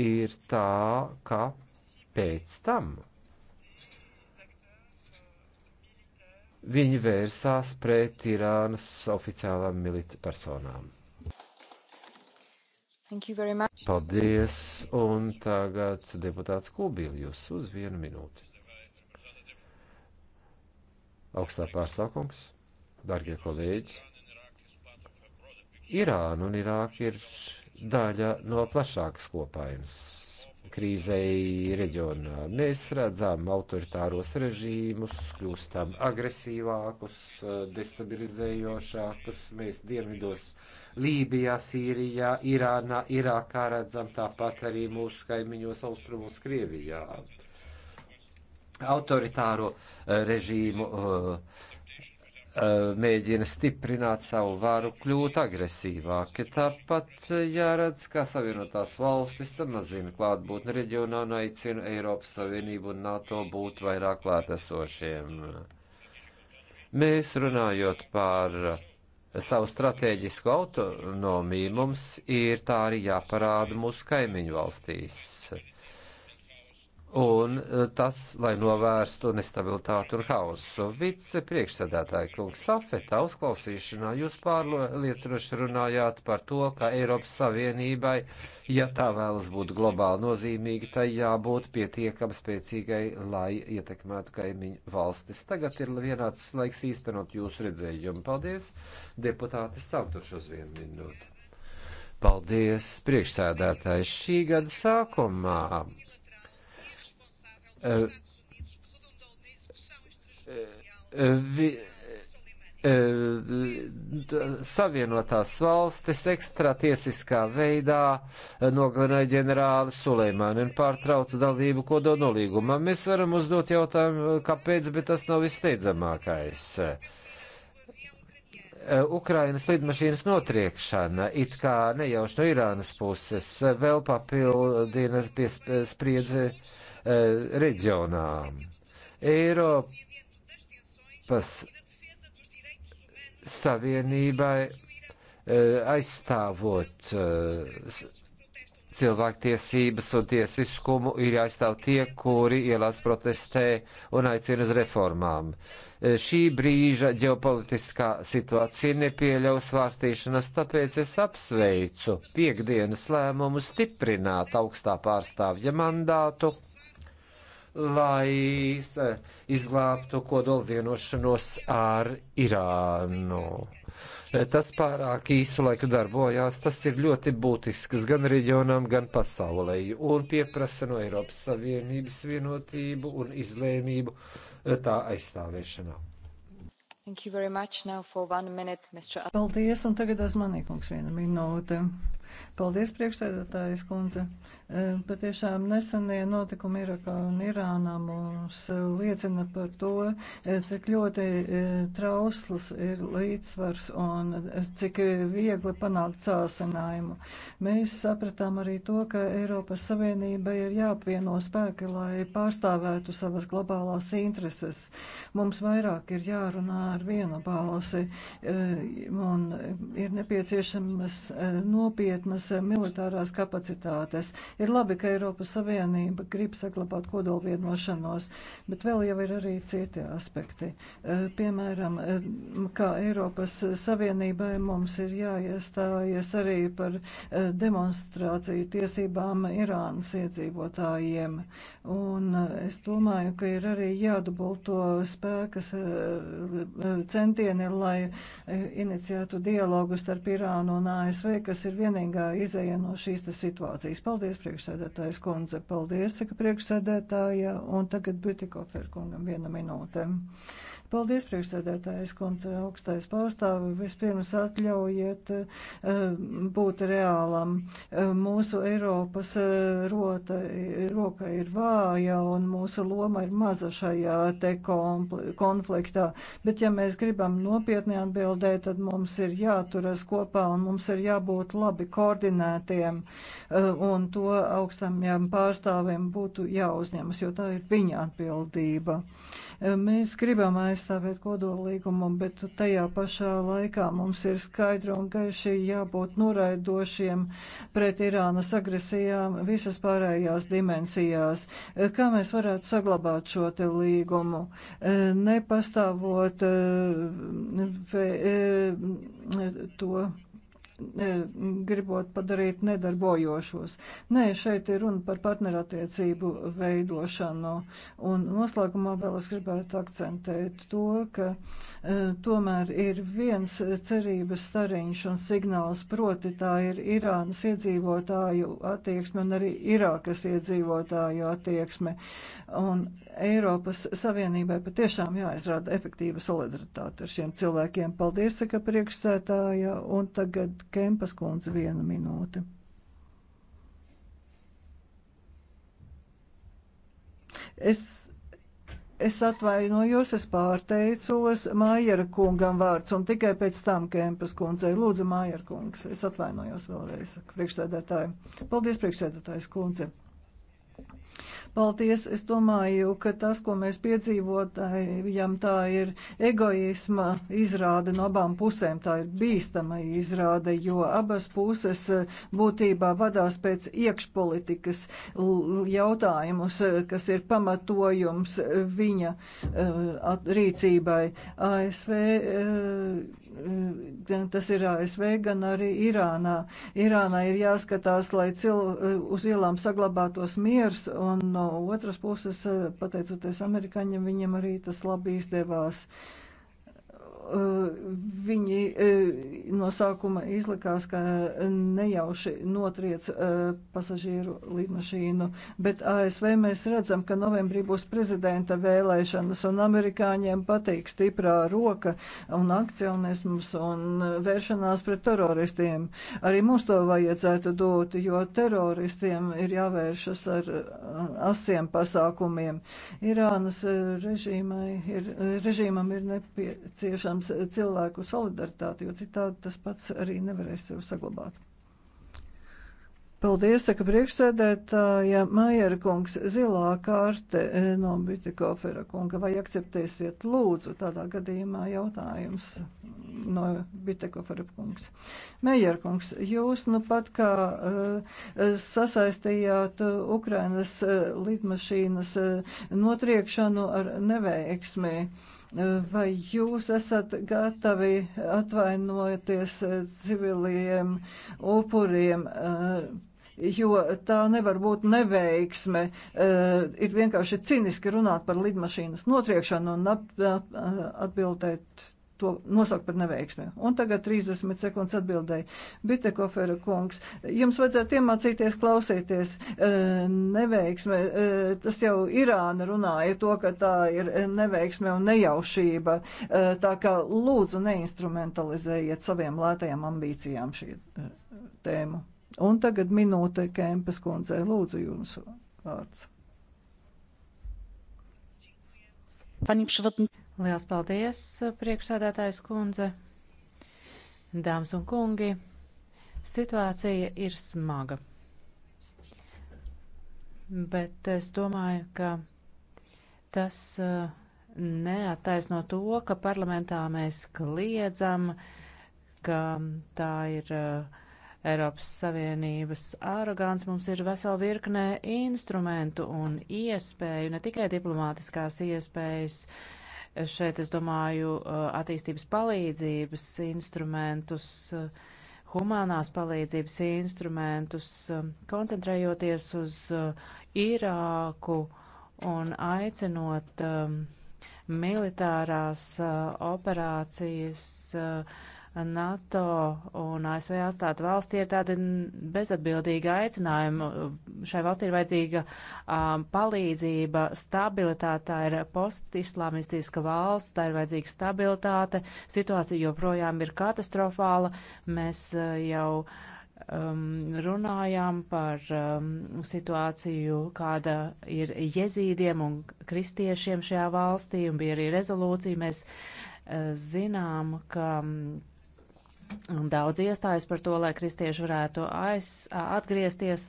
ir tā, ka pēc tam viņi vērsās pret Irānas oficiālām milita personām. Paldies, un tagad deputāts Kūbīļus uz vienu minūti. Augstā pārstāvkungs, darbie kolēģi, Irāna un Irāka ir daļa no plašākas kopājums krīzei reģionā. Mēs redzam autoritāros režīmus, kļūstam agresīvākus, destabilizējošākus. Mēs dienvidos Lībijā, Sīrijā, Irānā, Irākā redzam tāpat arī mūsu kaimiņos austrumos Krievijā. Autoritāro eh, režīmu uh, mēģina stiprināt savu varu, kļūt agresīvāki. Tāpat jāredz, kā Savienotās valstis samazina klātbūtni reģionā un aicina Eiropas Savienību un NATO būt vairāk klātesošiem. Mēs runājot par savu strateģisku autonomiju, mums ir tā arī jāparāda mūsu kaimiņu valstīs un eh, tas, lai novērstu nestabilitāti un hausu. Vice priekšsēdētāji kungs Safetā uzklausīšanā jūs pārliecinoši runājāt par to, ka Eiropas Savienībai, ja tā vēlas būt globāli nozīmīga, tai jābūt pietiekam spēcīgai, lai ietekmētu kaimiņu valstis. Tagad ir vienāds laiks īstenot jūsu redzējumu. Paldies, deputāti Santuš uz vienu minūti. Paldies, priekšsēdētājs šī gada sākumā E, e, vi, e, Savienotās valstis ekstratiesiskā veidā nogalināja ģenerāli Suleimānu un pārtrauca dalību kodolnolīgumā. Mēs varam uzdot jautājumu, kāpēc, bet tas nav visteidzamākais. Ukrainas lidmašīnas notriekšana it kā nejauši no Irānas puses vēl papildina spriedzi. Pies, Eh, reģionā. Eiropas Savienībai eh, aizstāvot eh, cilvēktiesības un tiesiskumu ir jāizstāv tie, kuri ielās protestē un aicina uz reformām. Šī brīža ģeopolitiskā situācija nepieļaus vārstīšanas, tāpēc es apsveicu piekdienas lēmumu stiprināt augstā pārstāvja mandātu lai izglābtu kodolu vienošanos ar Irānu. Tas pārāk īsu laiku darbojās, tas ir ļoti būtisks gan reģionam, gan pasaulē, un pieprasa no Eiropas Savienības vienotību un izlēmību eh, tā aizstāvēšanā. Minute, Paldies, un tagad es manīkums viena minūte. Paldies, priekšsēdētājas kundze. Patiešām nesenie notikumi Irakā un Irānā mums eh, liecina par to, eh, cik ļoti eh, trausls ir līdzsvars un cik viegli panākt sāsinājumu. Mēs sapratām arī to, ka Eiropas Savienībai ir jāapvieno spēki, lai pārstāvētu savas globālās intereses. Mums vairāk ir jārunā ar vienu balsi un ir nepieciešamas nopietnas militārās kapacitātes Ir labi, ka Eiropas Savienība grib saglabāt kodolvienošanos, bet vēl jau ir arī citi aspekti. E, piemēram, e, kā Eiropas Savienībai mums ir jāiestājies arī par e, demonstrāciju tiesībām Irānas iedzīvotājiem. Un es domāju, ka ir arī jādubulto spēkas centieni, lai iniciētu dialogu starp Irānu un ASV, kas ir vienīgā izēja no šīs situācijas. Paldies! priekšsēdētājs kundze. Paldies, saka priekšsēdētāja, un tagad Bütikofer kungam viena minūte. Paldies, priekšsēdētājs kundze, augstais pārstāvi. Vispirms atļaujiet eh, būt reālam. Eh, mūsu Eiropas eh, rota, roka ir vāja un mūsu loma ir maza šajā te konfliktā. Bet ja mēs gribam nopietni atbildēt, tad mums ir jāturas kopā un mums ir jābūt labi koordinētiem. Un to augstamajam pārstāvim būtu jāuzņemas, jo tā ir viņa atbildība. Uh, Mēs gribam aizstāvēt kodolīgumu, bet tajā pašā laikā mums ir skaidri un gaiši jābūt noraidošiem pret Irānas agresijām visas pārējās dimensijās. Kā mēs varētu saglabāt šo te līgumu? Eh, nepastāvot eh, eh, to gribot padarīt nedarbojošos. Nē, šeit ir runa par partnerattiecību veidošanu. Un noslēgumā vēl es gribētu akcentēt to, ka e, tomēr ir viens cerības stariņš un signāls, proti tā ir Irānas iedzīvotāju attieksme un arī Irākas iedzīvotāju attieksme. Un Eiropas Savienībai patiešām jāizrāda efektīva solidaritāte ar šiem cilvēkiem. Paldies, saka priekšsētāja, un tagad Kempas kundze viena minūte. Es Es atvainojos, es pārteicos Mājera kungam vārds un tikai pēc tam Kempas kundzei. Lūdzu, Mājera kungs, es atvainojos vēlreiz priekšsēdētāji. Paldies, priekšsēdētājs kundze. Paldies! Es domāju, ka tas, ko mēs piedzīvotājam, tā ir egoisma izrāde no abām pusēm. Tā ir bīstama izrāde, jo abas puses būtībā vadās pēc iekšpolitikas jautājumus, kas ir pamatojums viņa eh, rīcībai. ASV gan tas ir ASV, gan arī Irānā. Irānā ir jāskatās, lai cil, uz ielām saglabātos miers, un no otras puses, pateicoties amerikāņiem, viņiem arī tas labi izdevās. Uh, viņi e, no sākuma izlikās, ka nejauši notriec e, pasažieru lidmašīnu, bet ASV mēs redzam, ka novembrī būs prezidenta vēlēšanas un amerikāņiem patīk stiprā roka un akcionisms un vēršanās pret teroristiem. Arī mums to vajadzētu dot, jo teroristiem ir jāvēršas ar asiem pasākumiem. Irānas e, režīmai ir, režīmam ir nepieciešams nepieciešams cilvēku solidaritāte, jo citādi tas pats arī nevarēs sev saglabāt. Paldies, saka priekšsēdētāja Maiera kungs, zilā kārte eh, no Bitikofera kunga. Vai akceptēsiet lūdzu tādā gadījumā jautājums no Bitikofera kungs? Maiera kungs, jūs nu pat kā uh, sasaistījāt Ukrainas uh, lidmašīnas uh, notriekšanu ar neveiksmi. Uh, Vai jūs esat gatavi atvainoties civiliem upuriem? Eh, jo tā nevar būt neveiksme. Eh, ir vienkārši ciniski runāt par lidmašīnas notriekšanu un atbildēt to nosaukt par neveikšmi. Un tagad 30 sekundes atbildēji. Bitekofera kungs, jums vajadzētu iemācīties klausīties e, neveiksme. E, tas jau Irāna runāja to, ka tā ir neveiksme un nejaušība. E, tā kā lūdzu neinstrumentalizējiet saviem lētajām ambīcijām šī tēmu. Un tagad minūte Kempas kundzei. Lūdzu jums vārds. Pani przewodnicząca. Liels paldies, priekšsēdētājs kundze. Dāmas un kungi, situācija ir smaga. Bet es domāju, ka tas uh, neattaisno to, ka parlamentā mēs kliedzam, ka tā ir uh, Eiropas Savienības arogāns. Mums ir vesela virknē instrumentu un iespēju, ne tikai diplomātiskās iespējas, uh, šeit, es domāju, attīstības palīdzības instrumentus, humanās palīdzības instrumentus, koncentrējoties uz Irāku un aicinot militārās operācijas NATO un ASV atstāt valsti ir tādi bezatbildīgi aicinājumi. Šai valstī ir vajadzīga um, palīdzība, stabilitāte, tā ir postislamistiska valsts, tā ir vajadzīga stabilitāte, situācija joprojām ir katastrofāla. Mēs uh, jau um, runājām par um, situāciju, kāda ir jezīdiem un kristiešiem šajā valstī, un bija arī rezolūcija. Mēs uh, zinām, ka Un daudz iestājas par to, lai kristieši varētu aiz, atgriezties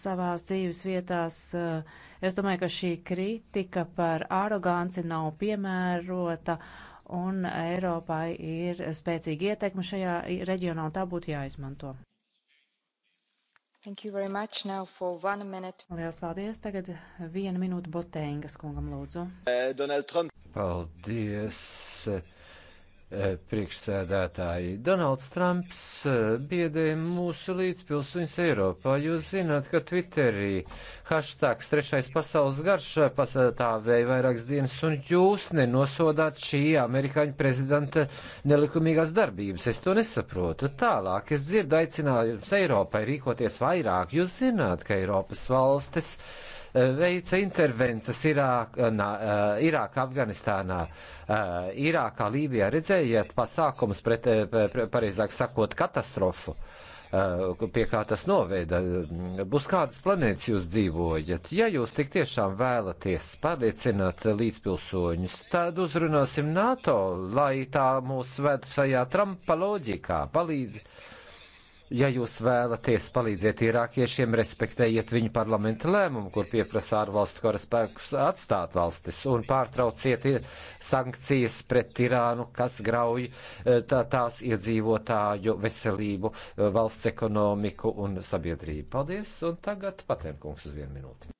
savās dzīves vietās. Es domāju, ka šī kritika par aroganci nav piemērota, un Eiropai ir spēcīga ietekme šajā reģionā, un tā būtu jāizmanto. Lielas paldies. Tagad viena minūte Botēngas kungam lūdzu. Eh, paldies. Eh, priekšsēdētāji. Donalds Trumps eh, biedē mūsu līdzpilsuņus Eiropā. Jūs zināt, ka Twitterī hashtags trešais pasaules garš eh, pastāvēja vairākas dienas, un jūs nenosodāt šī amerikāņu prezidenta nelikumīgās darbības. Es to nesaprotu. Tālāk es dzirdu aicinājums Eiropai rīkoties vairāk. Jūs zināt, ka Eiropas valstis. Uh, Eh, veica intervences Irākā, eh, eh, Irākā Afganistānā, Irākā, Lībijā. Redzējiet pasākumus pret, pareizāk sakot, katastrofu pie kā tas noveda. Uz kādas planētas jūs dzīvojat? Ja jūs tik tiešām vēlaties pārliecināt līdzpilsoņus, tad uzrunāsim NATO, lai tā mūs ved šajā trampa loģikā, palīdz Ja jūs vēlaties palīdzēt irākiešiem, respektējiet viņu parlamenta lēmumu, kur pieprasa ārvalstu karaspēkus atstāt valstis un pārtrauciet sankcijas pret Irānu, kas grauj eh, tā, tās iedzīvotāju veselību, eh, valsts ekonomiku un sabiedrību. Paldies, un tagad patērkungs uz vienu minūti.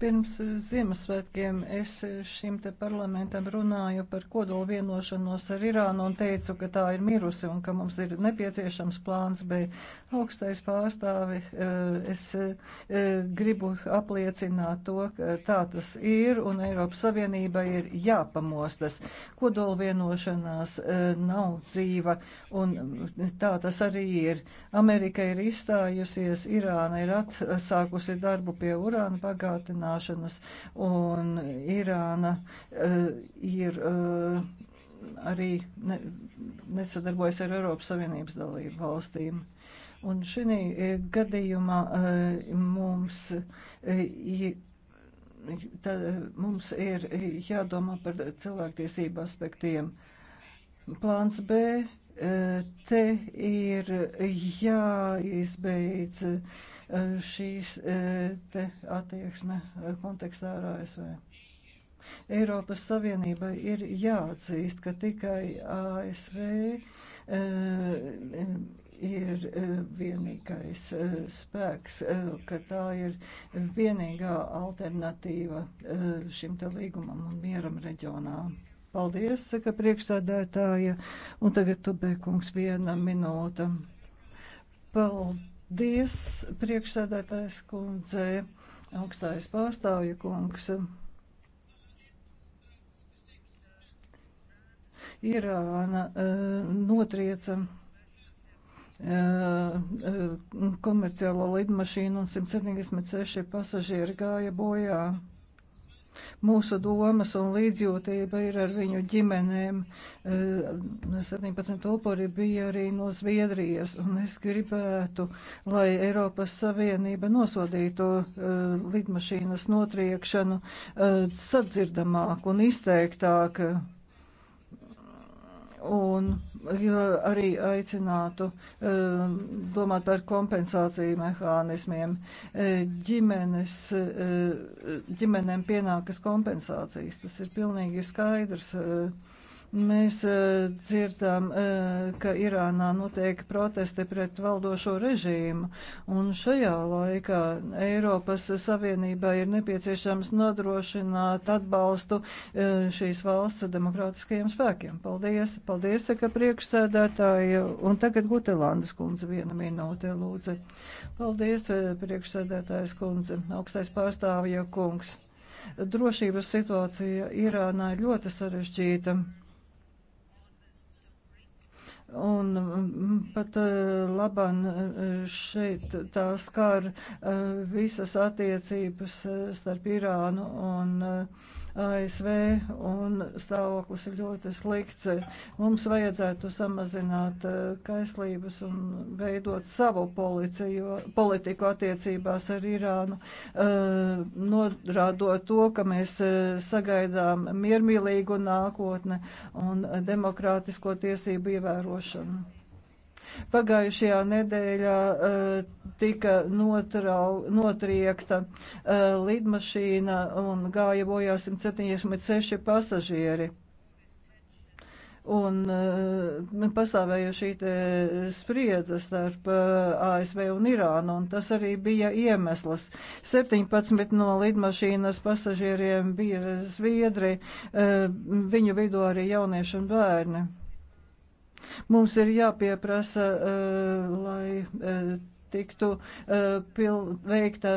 Pirms eh, Ziemassvētkiem es eh, šim te parlamentam runāju par kodolu vienošanos ar Irānu un teicu, ka tā ir mirusi un ka mums ir nepieciešams plāns B. Augstais pārstāvi, eh, es gribu apliecināt to, ka tā tas ir un Eiropas Savienībai ir jāpamostas. Kodolu vienošanās nav dzīva un mm, tā tas arī ir. Amerika ir izstājusies, Irāna ir atsākusi darbu pie pie urāna bagātināšanas, un Irāna eh, ir eh, arī ne, nesadarbojas ar Eiropas Savienības dalību valstīm. Un šī eh, gadījumā mums tā, mums ir jādomā par cilvēktiesību aspektiem. Plāns B te ir jāizbeidz šīs e, te attieksme kontekstā ar ASV. Eiropas Savienībai ir jāatzīst, ka tikai ASV e, ir e, vienīgais spēks, ka tā ir vienīgā alternatīva šim te līgumam un mieram reģionā. Paldies, saka priekšsādētāja, un tagad tu, Bekungs, viena minūte. Paldies. Paldies, priekšsēdētājs kundze, augstājas pārstāvja kungs. Irāna eh, notrieca eh, eh, komerciālo lidmašīnu un 176 pasažieri gāja bojā. Mūsu domas un līdzjūtība ir ar viņu ģimenēm. 17 e, upuri bija arī no Zviedrijas, un es gribētu, lai Eiropas Savienība nosodītu e, lidmašīnas notriekšanu e, sadzirdamāk un izteiktāk un arī aicinātu um, domāt par kompensāciju mehānismiem. Eh, ģimenes, eh, ģimenēm pienākas kompensācijas, tas ir pilnīgi skaidrs. Eh, Mēs eh, dzirdām, eh, ka Irānā notiek protesti pret valdošo režīmu, un šajā laikā Eiropas Savienībā ir nepieciešams nodrošināt atbalstu eh, šīs valsts demokrātiskajiem spēkiem. Paldies, paldies, saka priekšsēdētāji, un tagad Gutelandes kundze viena minūte lūdzu. Paldies, priekšsēdētājs kundze, augstais pārstāvja kungs. Drošības situācija Irānā ir ļoti sarežģīta. Un mm, pat eh, labam eh, šeit tā skar eh, visas attiecības starp Irānu un ASV un stāvoklis ir ļoti slikts. Mums vajadzētu samazināt eh, kaislības un veidot savu policiju, politiku attiecībās ar Irānu, eh, norādot to, ka mēs eh, sagaidām miermīlīgu nākotni un demokrātisko tiesību ievērošanu. Pagājušajā nedēļā eh, tika notrau, notriekta eh, lidmašīna un gāja bojā 176 pasažieri. Un uh, pastāvēja šī spriedze starp uh, ASV un Irānu, un tas arī bija iemesls. 17 no lidmašīnas pasažieriem bija zviedri, uh, viņu vidū arī jaunieši un bērni. Mums ir jāpieprasa, eh, lai eh, tiktu eh, pil, veikta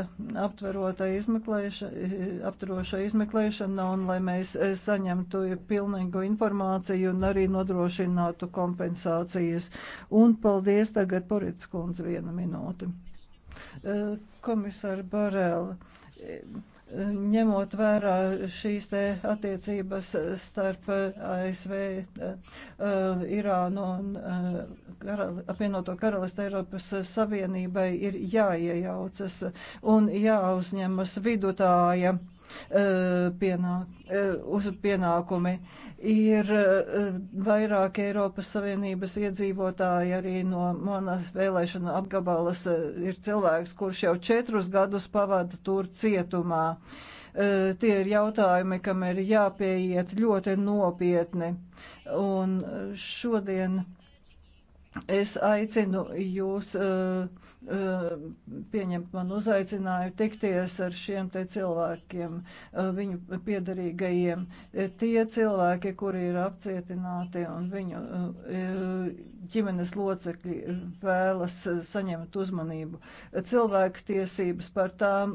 aptverota izmeklēšana, aptveroša izmeklēšana un lai mēs saņemtu pilnīgu informāciju un arī nodrošinātu kompensācijas. Un paldies tagad Porits kundze vienu minūti. Komisāri Barēla ņemot vērā šīs te attiecības starp ASV, eh, eh, Irānu un eh, karal, apvienoto karalistu Eiropas Savienībai ir jāiejaucas un jāuzņemas vidutāja Eh, pienāk, eh, uz pienākumi. Ir eh, vairāk Eiropas Savienības iedzīvotāji arī no mana vēlēšana apgabalas ir cilvēks, kurš jau četrus gadus pavada tur cietumā. Tie ir jautājumi, kam ir jāpieiet ļoti nopietni. Un šodien Es aicinu jūs uh, uh, pieņemt man uzaicinājumu tikties ar šiem te cilvēkiem, uh, viņu piedarīgajiem. Tie cilvēki, kuri ir apcietināti un viņu ģimenes locekļi vēlas saņemt uzmanību. Cilvēku tiesības par tām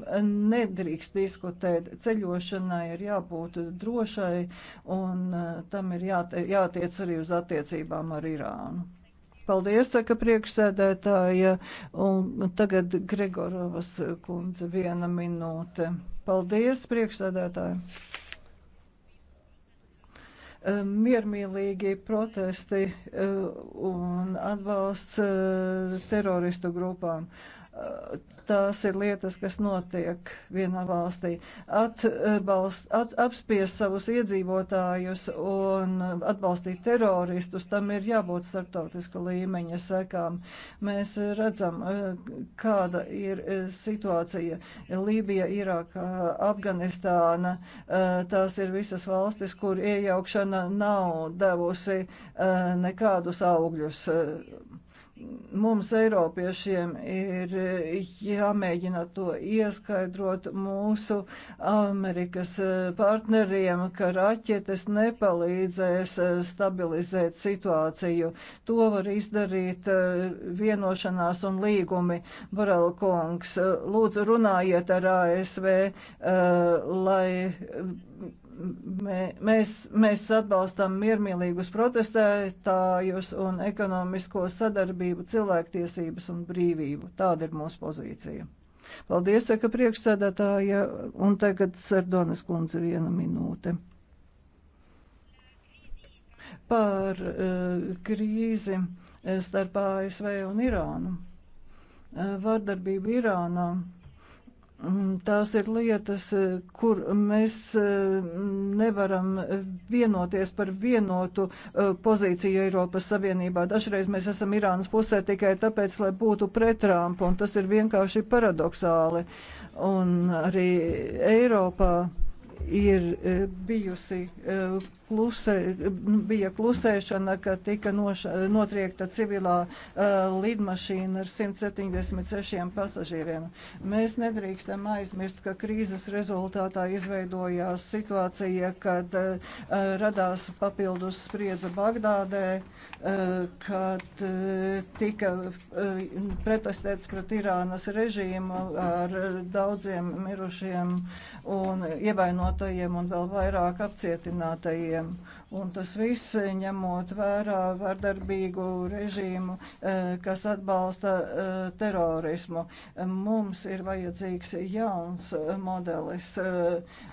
nedrīkst diskutēt. Ceļošanai ir jābūt drošai un tam ir jātiec arī uz attiecībām ar Irānu. Paldies, saka priekšsēdētāja. Un tagad Gregorovas kundze viena minūte. Paldies, priekšsēdētāja miermīlīgi protesti un atbalsts teroristu grupām tās ir lietas, kas notiek vienā valstī. Atbalst, at, apspies savus iedzīvotājus un atbalstīt teroristus, tam ir jābūt starptautiska līmeņa sekām. Mēs redzam, kāda ir situācija. Lībija, Irāka, Afganistāna, tās ir visas valstis, kur iejaukšana nav devusi eh, nekādus augļus mums, Eiropiešiem, ir jāmēģina to ieskaidrot mūsu Amerikas partneriem, ka raķetes nepalīdzēs stabilizēt situāciju. To var izdarīt eh, vienošanās un līgumi. Barelkongs, lūdzu runājiet ar ASV, eh, lai Mēs, mēs atbalstam miermīlīgus protestētājus un ekonomisko sadarbību, cilvēktiesības un brīvību. Tāda ir mūsu pozīcija. Paldies, saka priekšsēdētāja, un tagad Sardonas kundze viena minūte. Par uh, krīzi eh, starp ASV un Irānu. Uh, eh, vardarbību Irānā. Uh, Mm, tās ir lietas, eh, kur mēs eh, nevaram vienoties par vienotu eh, pozīciju Eiropas Savienībā. Dažreiz mēs esam Irānas pusē tikai tāpēc, lai būtu pret Trumpu, un tas ir vienkārši paradoxāli. Un arī Eiropā ir bijusi klusē, nu, bija klusēšana, ka tika noš, notriekta civilā uh, lidmašīna ar 176 pasažieriem. Mēs nedrīkstam aizmirst, ka krīzes rezultātā izveidojās situācija, kad uh, radās papildus spriedze Bagdādē, uh, kad uh, tika uh, pretestēts pret Irānas režīmu ar uh, daudziem mirušiem un ievainotajiem un vēl vairāk apcietinātajiem gadiem. Un tas viss ņemot vērā vardarbīgu režīmu, eh, kas atbalsta eh, terorismu. Mums ir vajadzīgs jauns eh, modelis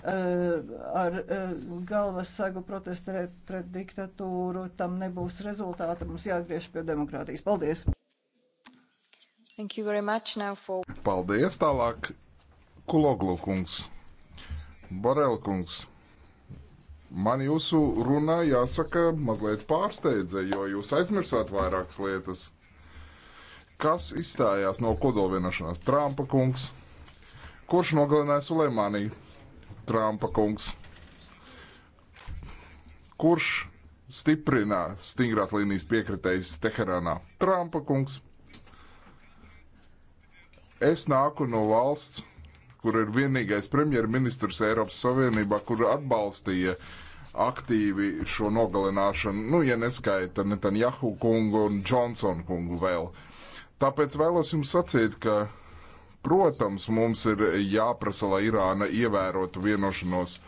ar galvas sagu protestēt pret diktatūru. Tam nebūs rezultāta. Mums jāatgriež pie demokrātijas. Paldies! Thank you very much now for... Paldies tālāk, Kuloglu kungs, Borel kungs. Man jūsu runā jāsaka mazliet pārsteidza, jo jūs aizmirsāt vairākas lietas. Kas izstājās no kodolvienošanās? Trumpa kungs. Kurš nogalināja Sulēmānī? Trumpa kungs. Kurš stiprina stingrās līnijas piekritējs Teherānā? Trumpa kungs. Es nāku no valsts, kur ir vienīgais premjerministrs Eiropas Savienībā, kur atbalstīja uh, aktīvi šo nogalināšanu, nu, ja neskaita Netanjahu kungu un Johnson kungu vēl. Tāpēc vēlos jums sacīt, ka, protams, mums ir jāprasa, lai Irāna ievērotu vienošanos,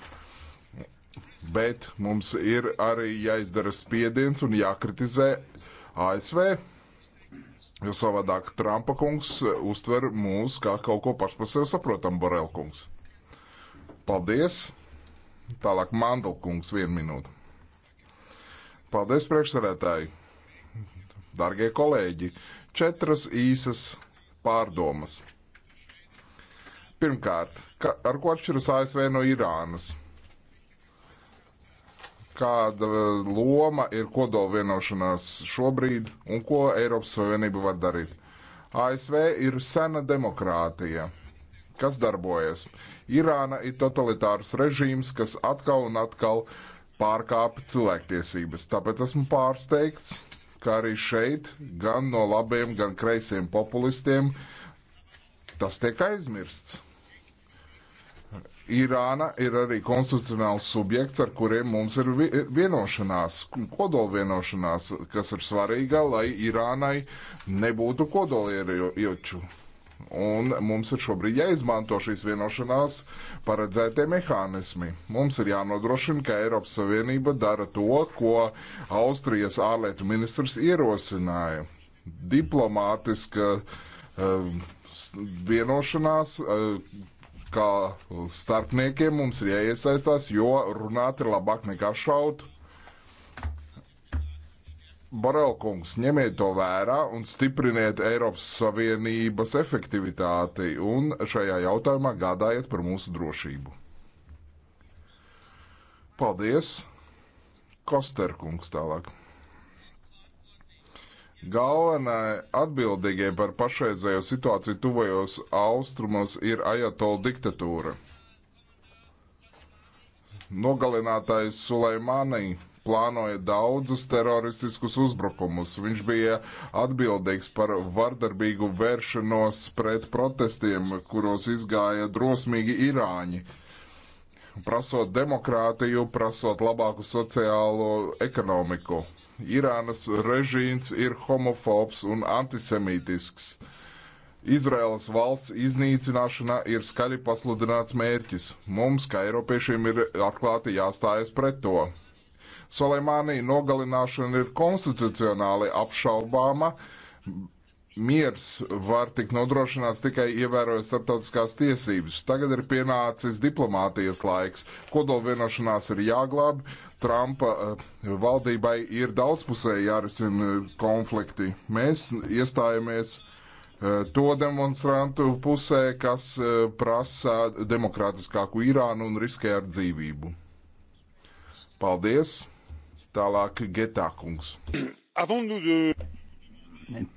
bet mums ir arī jāizdara spiediens un jākritizē ASV, jo savādāk Trumpa kungs uztver mūs kā kaut ko pašpasēju saprotam, Borel kungs. Paldies! Tālāk Mandelkungs vienu minūtu. Paldies, priekšsarētāji! Dargie kolēģi, četras īsas pārdomas. Pirmkārt, ka, ar ko atšķiras ASV no Irānas? Kāda e, loma ir kodolvienošanās šobrīd un ko Eiropas Savienība var darīt? ASV ir sena demokrātija, kas darbojas. Irāna ir totalitārs režīms, kas atkal un atkal pārkāpa cilvēktiesības. Tāpēc esmu pārsteigts, ka arī šeit gan no labiem, gan kreisiem populistiem tas tiek aizmirsts. Irāna ir arī konstitucionāls subjekts, ar kuriem mums ir vienošanās, kodolvienošanās, kas ir svarīga, lai Irānai nebūtu kodolieroču. Jo, Un mums ir šobrīd jāizmanto šīs vienošanās paredzētie mehānismi. Mums ir jānodrošina, ka Eiropas Savienība dara to, ko Austrijas ārlietu ministrs ierosināja. Diplomātiska um, vienošanās, um, kā starpniekiem mums ir jāiesaistās, jo runāt ir labāk nekā šaut. Barelkungs, ņemiet to vērā un stipriniet Eiropas Savienības efektivitāti un šajā jautājumā gādājiet par mūsu drošību. Paldies! Kosterkungs tālāk. Galvenā atbildīgie par pašreizējo situāciju tuvajos austrumos ir Ajatola diktatūra. Nogalinātais Suleimānija plānoja daudzus teroristiskus uzbrukumus. Viņš bija atbildīgs par vardarbīgu vēršanos pret protestiem, kuros izgāja drosmīgi Irāņi. Prasot demokrātiju, prasot labāku sociālo ekonomiku. Irānas režīms ir homofobs un antisemītisks. Izraels valsts iznīcināšana ir skaļi pasludināts mērķis. Mums, kā Eiropiešiem, ir atklāti jāstājas pret to. Soleimānī nogalināšana ir konstitucionāli apšaubāma. Miers var tikt nodrošināts tikai ievērojot starptautiskās tiesības. Tagad ir pienācis diplomātijas laiks. Kodolvienošanās ir jāglāb. Trumpa eh, valdībai ir daudzpusēji jārisina eh, konflikti. Mēs iestājamies eh, to demonstrantu pusē, kas prasa demokrātiskāku Irānu un riskē ar dzīvību. Paldies! Tālāk Getā kungs.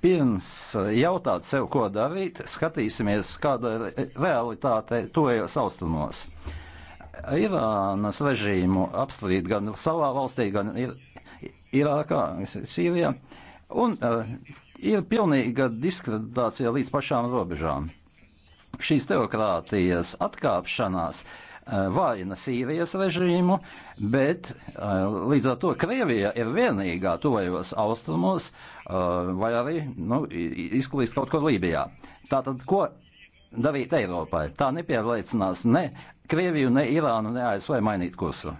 Pirms jautāt sev, ko darīt, skatīsimies, kāda ir realitāte tojos austrumos. Irānas režīmu apstrīd gan savā valstī, gan ir, Irākā, Sīrijā, un uh, ir pilnīga diskreditācija līdz pašām robežām. Šīs teokrātijas atkāpšanās uh, Eh, vājina nu Sīrijas režīmu, bet eh, līdz ar to Krievija ir vienīgā tuvajos austrumos eh, vai arī nu, izklīst kaut kur Lībijā. Tātad, ko darīt Eiropai? Tā nepierlaicinās ne Krieviju, ne Irānu, ne ASV mainīt kursu.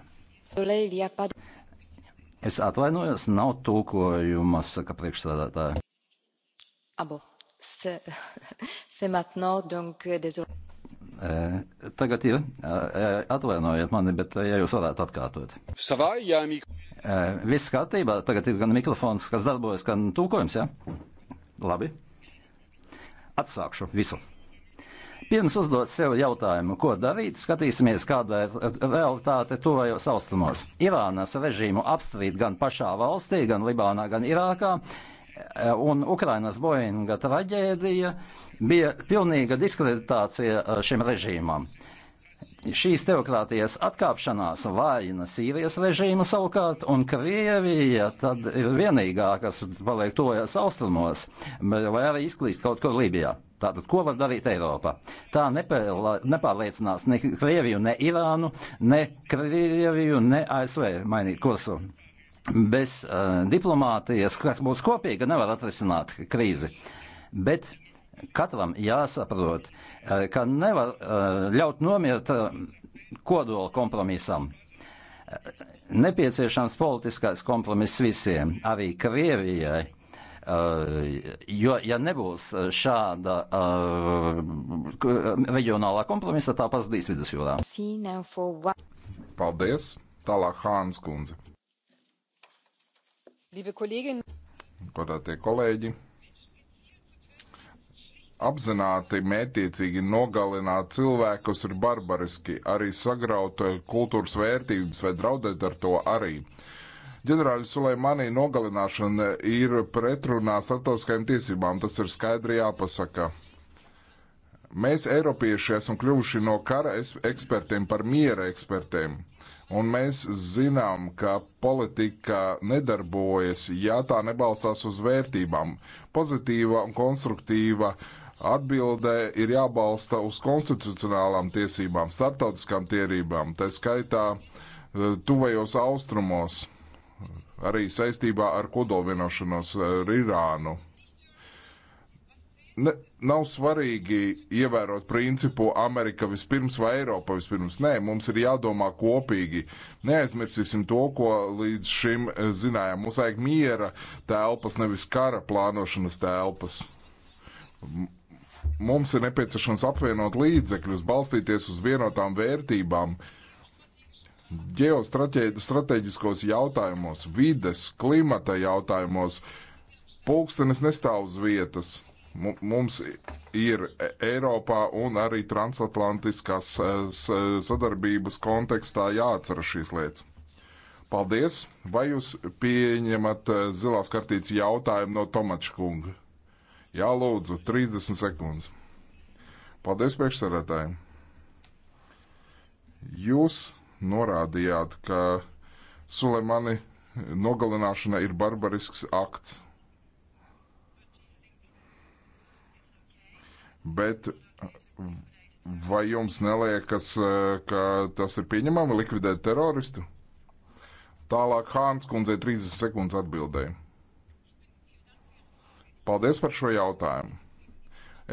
Es atvainojos, nav tulkojuma, saka priekšsēdētāja. Ah bon, c'est maintenant donc désolé. E, tagad ir, e, e, atvainojiet mani, bet ja jūs varētu atkārtot. Savā jāmīk. Viss kārtībā, tagad ir gan mikrofons, kas darbojas, gan tūkojums, jā? Ja? Labi. Atsākšu visu. Pirms uzdot sev jautājumu, ko darīt, skatīsimies, kāda ir realitāte tuvajos austrumos. Irānas režīmu apstrīd gan pašā valstī, gan Libānā, gan Irākā. Eh, un Ukrainas Boeinga traģēdija bija pilnīga diskreditācija eh, šim režīmam. Šīs teokrātijas atkāpšanās vājina Sīrijas režīmu savukārt, un Krievija tad ir vienīgā, kas paliek tojas austrumos, vai arī izklīst kaut kur Lībijā. Tātad, ko var darīt Eiropa? Tā nepārliecinās ne Krieviju, ne Irānu, ne Krieviju, ne ASV mainīt kursu bez uh, diplomātijas, kas būs kopīga, nevar atrisināt krīzi. Bet katram jāsaprot, uh, ka nevar uh, ļaut nomirt uh, kodola kompromisam. Uh, nepieciešams politiskais kompromiss visiem, arī Krievijai. Uh, jo, ja nebūs šāda uh, reģionālā kompromisa, tā pazudīs vidusjūrā. Paldies! Tālāk Hāns kundze. Godātie kolēģi! Apzināti, mētiecīgi nogalināt cilvēkus ir barbariski, arī sagraut eh, kultūras vērtības vai draudēt ar to arī. Ģenerāļa Sulēmanī nogalināšana ir pretrunā starptautiskajām tiesībām, tas ir skaidri jāpasaka. Mēs, Eiropieši, esam kļuvuši no kara ekspertiem par miera ekspertiem. Un mēs zinām, ka politika nedarbojas, ja tā nebalstās uz vērtībām. Pozitīva un konstruktīva atbildē ir jābalsta uz konstitucionālām tiesībām, starptautiskām tierībām, tā skaitā eh, tuvajos austrumos, arī saistībā ar kodolvienošanos ar Irānu. Ne, nav svarīgi ievērot principu Amerika vispirms vai Eiropa vispirms. Nē, mums ir jādomā kopīgi. Neaizmirsīsim to, ko līdz šim eh, zinājām. Mums vajag miera telpas, nevis kara plānošanas telpas. Mums ir nepieciešams apvienot līdzekļus, balstīties uz vienotām vērtībām, ģeostrateģiskos jautājumos, vides, klimata jautājumos. Pūkstens nestāv uz vietas Mums ir e-, Eiropā un arī transatlantiskās e, e, sadarbības kontekstā jāatceras šīs lietas. Paldies! Vai jūs pieņemat zilās kartītes jautājumu no Tomača kunga? Jā, lūdzu, 30 sekundes. Paldies priekšsarētājiem! Jūs norādījāt, ka Sulemani nogalināšana ir barbarisks akts. bet vai jums neliekas, eh, ka tas ir pieņemami likvidēt teroristu? Tālāk Hāns kundzei 30 sekundes atbildēja. Paldies par šo jautājumu.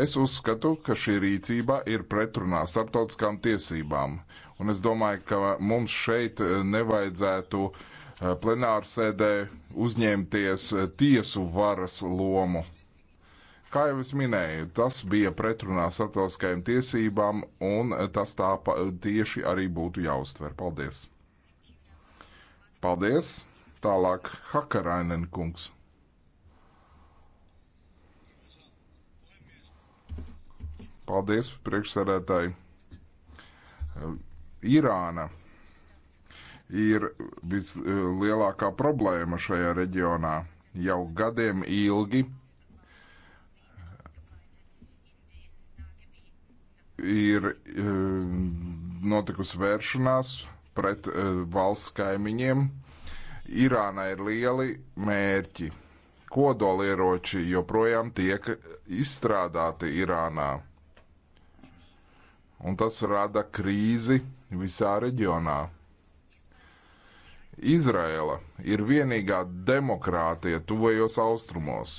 Es uzskatu, ka šī rīcība ir pretrunā starptautiskām tiesībām, un es domāju, ka mums šeit eh, nevajadzētu eh, plenārsēdē uzņemties tiesu varas lomu. Kā jau es minēju, tas bija pretrunā starptautiskajām tiesībām, un tas tā tieši arī būtu jāuztver. Paldies! Paldies! Tālāk Hakarainen kungs. Paldies, priekšsēdētāji. Irāna ir vislielākā problēma šajā reģionā. Jau gadiem ilgi ir eh, notikusi vēršanās pret eh, valsts kaimiņiem. Irānai ir lieli mērķi. Kodolieroči joprojām tiek izstrādāti Irānā. Un tas rada krīzi visā reģionā. Izraela ir vienīgā demokrātija tuvajos austrumos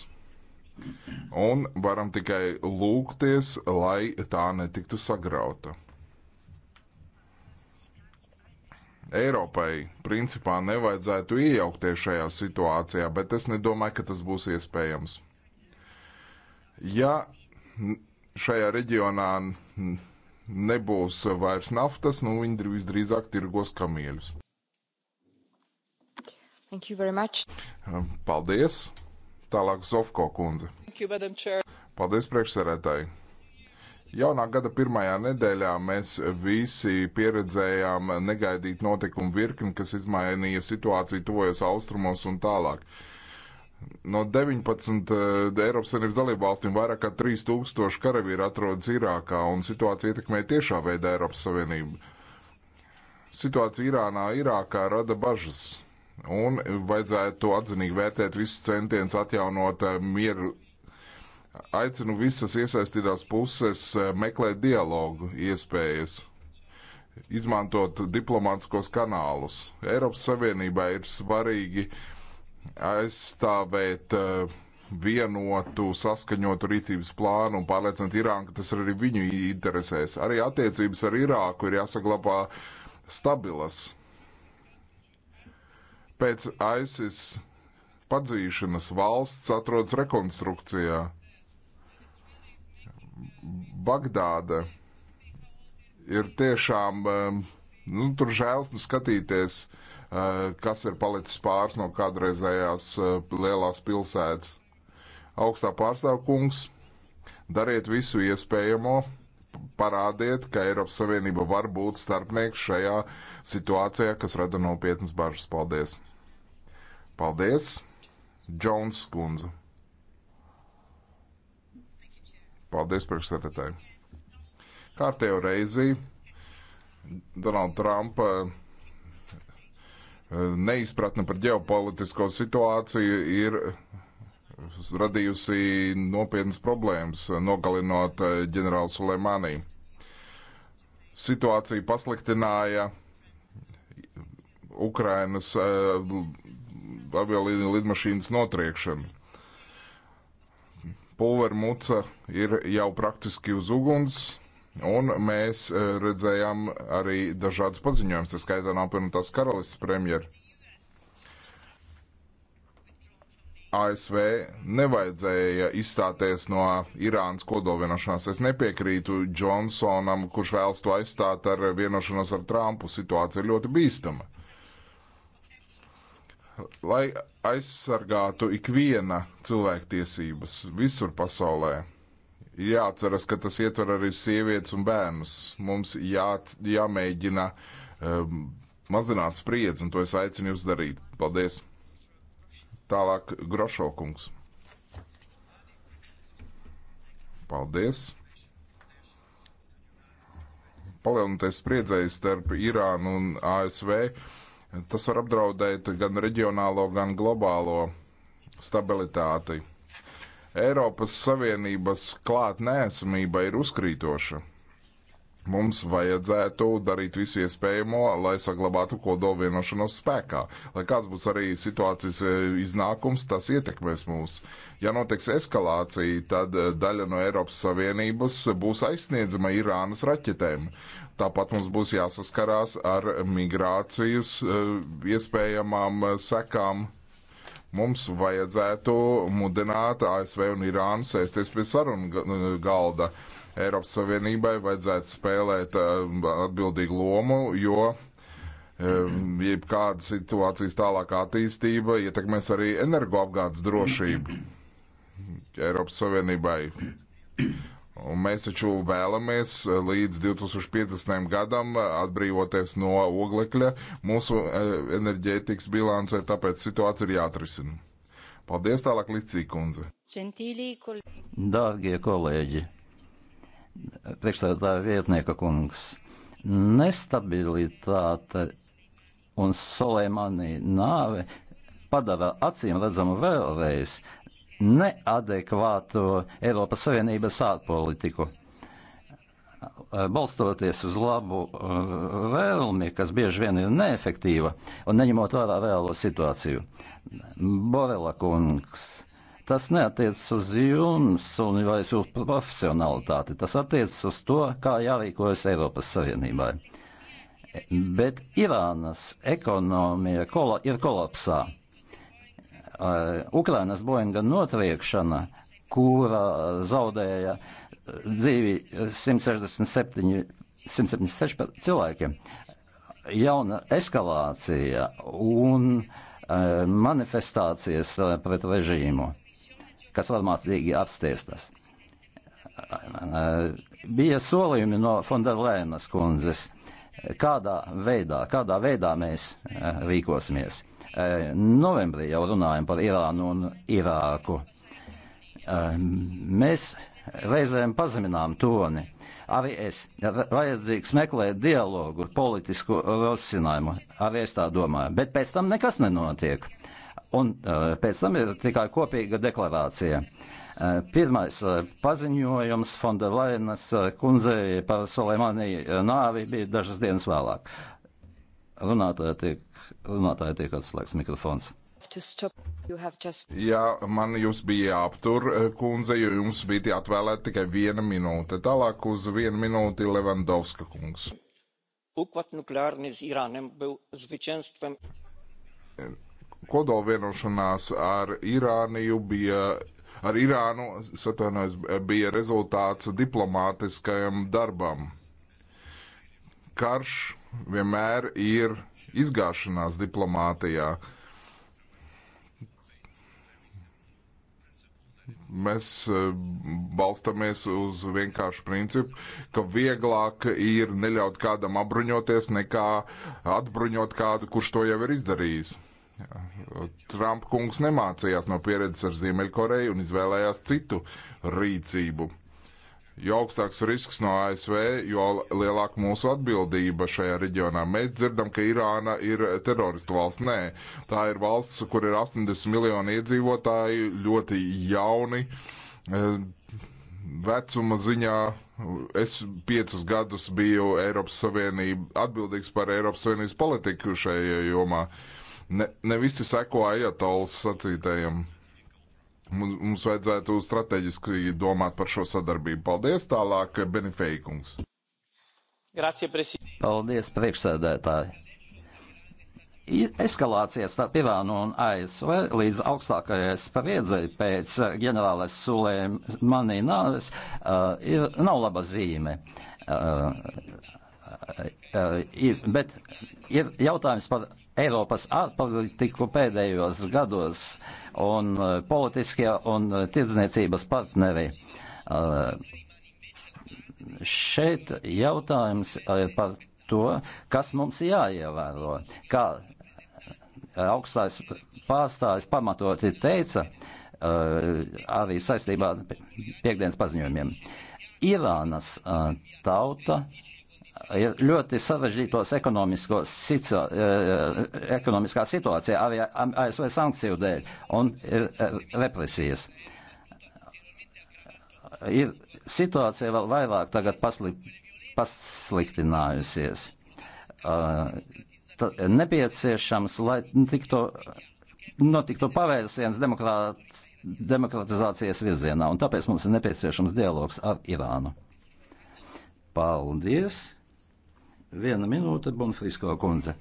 Un varam tikai lūgties, lai tā netiktu sagrauta. Eiropai principā nevajadzētu iejaukties šajā situācijā, bet es nedomāju, ka tas būs iespējams. Ja šajā reģionā nebūs vairs naftas, nu viņi visdrīzāk tirgos kamieļus. Paldies! Tālāk Zofko kundze. Paldies, priekšsarētāji! Jaunā gada pirmajā nedēļā mēs visi pieredzējām negaidīt notikumu virkni, kas izmainīja situāciju tuvojos austrumos un tālāk. No 19 eh, Eiropas Savienības dalību valstīm vairāk kā 3000 karavīri atrodas Irākā, un situācija ietekmē tiešā veidā Eiropas Savienību. Situācija Irānā, Irākā rada bažas Un vajadzētu atzinīgi vērtēt visus centienus atjaunot eh, mieru. Aicinu visas iesaistītās puses eh, meklēt dialogu iespējas, izmantot diplomātskos kanālus. Eiropas Savienībā ir svarīgi aizstāvēt uh, vienotu, saskaņotu rīcības plānu un pārliecināt Irānu, ka tas ir arī viņu interesēs. Arī attiecības ar Irāku ir jāsaglabā stabilas. Pēc ISIS padzīšanas valsts atrodas rekonstrukcijā. Bagdāda ir tiešām, um, nu, tur žēlsni skatīties, uh, kas ir palicis pāris no kādreizējās uh, lielās pilsētas. Augstā pārstāvkungs, dariet visu iespējamo, parādiet, ka Eiropas Savienība var būt starpnieks šajā situācijā, kas rada nopietnas bažas. Paldies! Paldies, Džons Skundze. Paldies, priekšsēdētāji. Kārtējo reizi Donalda Trumpa eh, neizpratne par ģeopolitisko situāciju ir radījusi nopietnas problēmas, nogalinot eh, ģenerāli Suleimanī. Situācija pasliktināja Ukrainas eh, aviolīniju lidmašīnas notriekšanu. Pulvermuca ir jau praktiski uz uguns, un mēs eh, redzējām arī dažādas paziņojumus, tas skaitā nav pirmotās karalists premjeri. ASV nevajadzēja izstāties no Irānas kodolvienošanās. Es nepiekrītu Džonsonam, kurš vēlas to aizstāt ar vienošanos ar Trumpu. Situācija ir ļoti bīstama lai aizsargātu ikviena cilvēktiesības visur pasaulē. Jāatceras, ka tas ietver arī sievietes un bērnus. Mums jā, jāmēģina um, mazināt spriedzi, un to es aicinu jūs darīt. Paldies! Tālāk Grošokungs. Paldies! Palielinoties spriedzēji starp Irānu un ASV Tas var apdraudēt gan reģionālo, gan globālo stabilitāti. Eiropas Savienības klātnēsamība ir uzkrītoša. Mums vajadzētu darīt visu iespējamo, lai saglabātu kodolvienošanos spēkā. Lai kāds būs arī situācijas e, iznākums, tas ietekmēs mūs. Ja notiks eskalācija, tad e, daļa no Eiropas Savienības būs aizsniedzama Irānas raķetēm. Tāpat mums būs jāsaskarās ar migrācijas e, iespējamām sekām mums vajadzētu mudināt ASV un Irānu sēsties pie sarunu galda. Eiropas Savienībai vajadzētu spēlēt um, atbildīgu lomu, jo um, jebkāda situācijas tālākā attīstība ietekmēs arī energoapgādes drošību Eiropas Savienībai. Un mēs taču vēlamies uh, līdz 2050. gadam uh, atbrīvoties no oglekļa mūsu uh, enerģētikas bilancē, tāpēc situācija ir jāatrisina. Paldies tālāk, Licija kundze. Dārgie kolēģi, priekšstādātāja vietnieka kungs. Nestabilitāte un Soleimani nāve padara acīm redzamu vēlreiz neadekvātu Eiropas Savienības ārpolitiku. Balstoties uz labu uh, vēlmi, kas bieži vien ir neefektīva un neņemot vērā reālo situāciju. Borela kungs Tas neatiecas uz jums un vai uz jūsu profesionalitāti. Tas attiecas uz to, kā jārīkojas Eiropas Savienībai. Bet Irānas ekonomija kola, ir kolapsā. Uh, Ukrainas Boeinga notriekšana, kura zaudēja dzīvi 167, 176 cilvēkiem, jauna eskalācija un uh, manifestācijas eh, pret režīmu kas var mācīgi apstiestas. Bija solījumi no Fonderlēnas kundzes, kādā veidā, kādā veidā mēs eh, rīkosimies. Eh, novembrī jau runājam par Irānu un Irāku. Eh, mēs reizēm pazeminām toni. Arī es vajadzīgs meklēt dialogu, politisku rosinājumu. Arī es tā domāju. Bet pēc tam nekas nenotiek. Uh, un pēc tam ir tikai kopīga deklarācija. Pirmais paziņojums Fonda Lainas kundzei par Soleimaniju nāvi bija dažas dienas vēlāk. Runātāja tiek, runātāja tiek atslēgts mikrofons. Just... Jā, man jūs bija jāaptur, kundze, jo jums bija atvēlēta tikai viena minūte. Tālāk uz vienu minūti Levandovska kungs. Układ nuklearny z Iranem był zwycięstwem kodolvienošanās ar Irāniju bija ar Irānu satvainojas, bija rezultāts diplomātiskajam darbam. Karš vienmēr ir izgāšanās diplomātijā. Mēs e, balstamies uz vienkāršu principu, ka vieglāk ir neļaut kādam apbruņoties, nekā atbruņot kādu, kurš to jau ir izdarījis. Trumpa kungs nemācījās no pieredzes ar Ziemeļkoreju un izvēlējās citu rīcību. Jo augstāks risks no ASV, jo lielāka mūsu atbildība šajā reģionā. Mēs dzirdam, ka Irāna ir teroristu valsts. Nē, tā ir valsts, kur ir 80 miljoni iedzīvotāji, ļoti jauni, eh, vecuma ziņā. Es piecus gadus biju Eiropas Savienība atbildīgs par Eiropas Savienības politiku šajā jomā. Uh, Ne, ne visi seko Ajatolas sacītajiem. Mums, mums vajadzētu strateģiski domāt par šo sadarbību. Paldies tālāk, Benifeikungs. Paldies, priekšsēdētāji eskalācija starp Irānu un ASV līdz augstākajai spriedzei pēc ģenerālais Sulēm manī nāves uh, ir, nav laba zīme. Uh, uh, uh ir, bet ir jautājums par Eiropas ārpolitiku pēdējos gados un e, politiskie un e, tirdzniecības partneri. E, šeit jautājums ir par to, kas mums jāievēro. Kā augstais pārstāvis pamatoti teica, arī saistībā ar piekdienas paziņojumiem. Irānas tauta ļoti sarežģītos ekonomiskos sica, eh, ekonomiskā situācijā, arī ASV sankciju dēļ un eh, represijas. Ir situācija vēl vairāk tagad pasli, pasliktinājusies. Eh, nepieciešams, lai tiktu, notiktu pavērsiens demokrāt, demokratizācijas virzienā, un tāpēc mums ir nepieciešams dialogs ar Irānu. Paldies! Viena minūte, Bunfrisko kundze.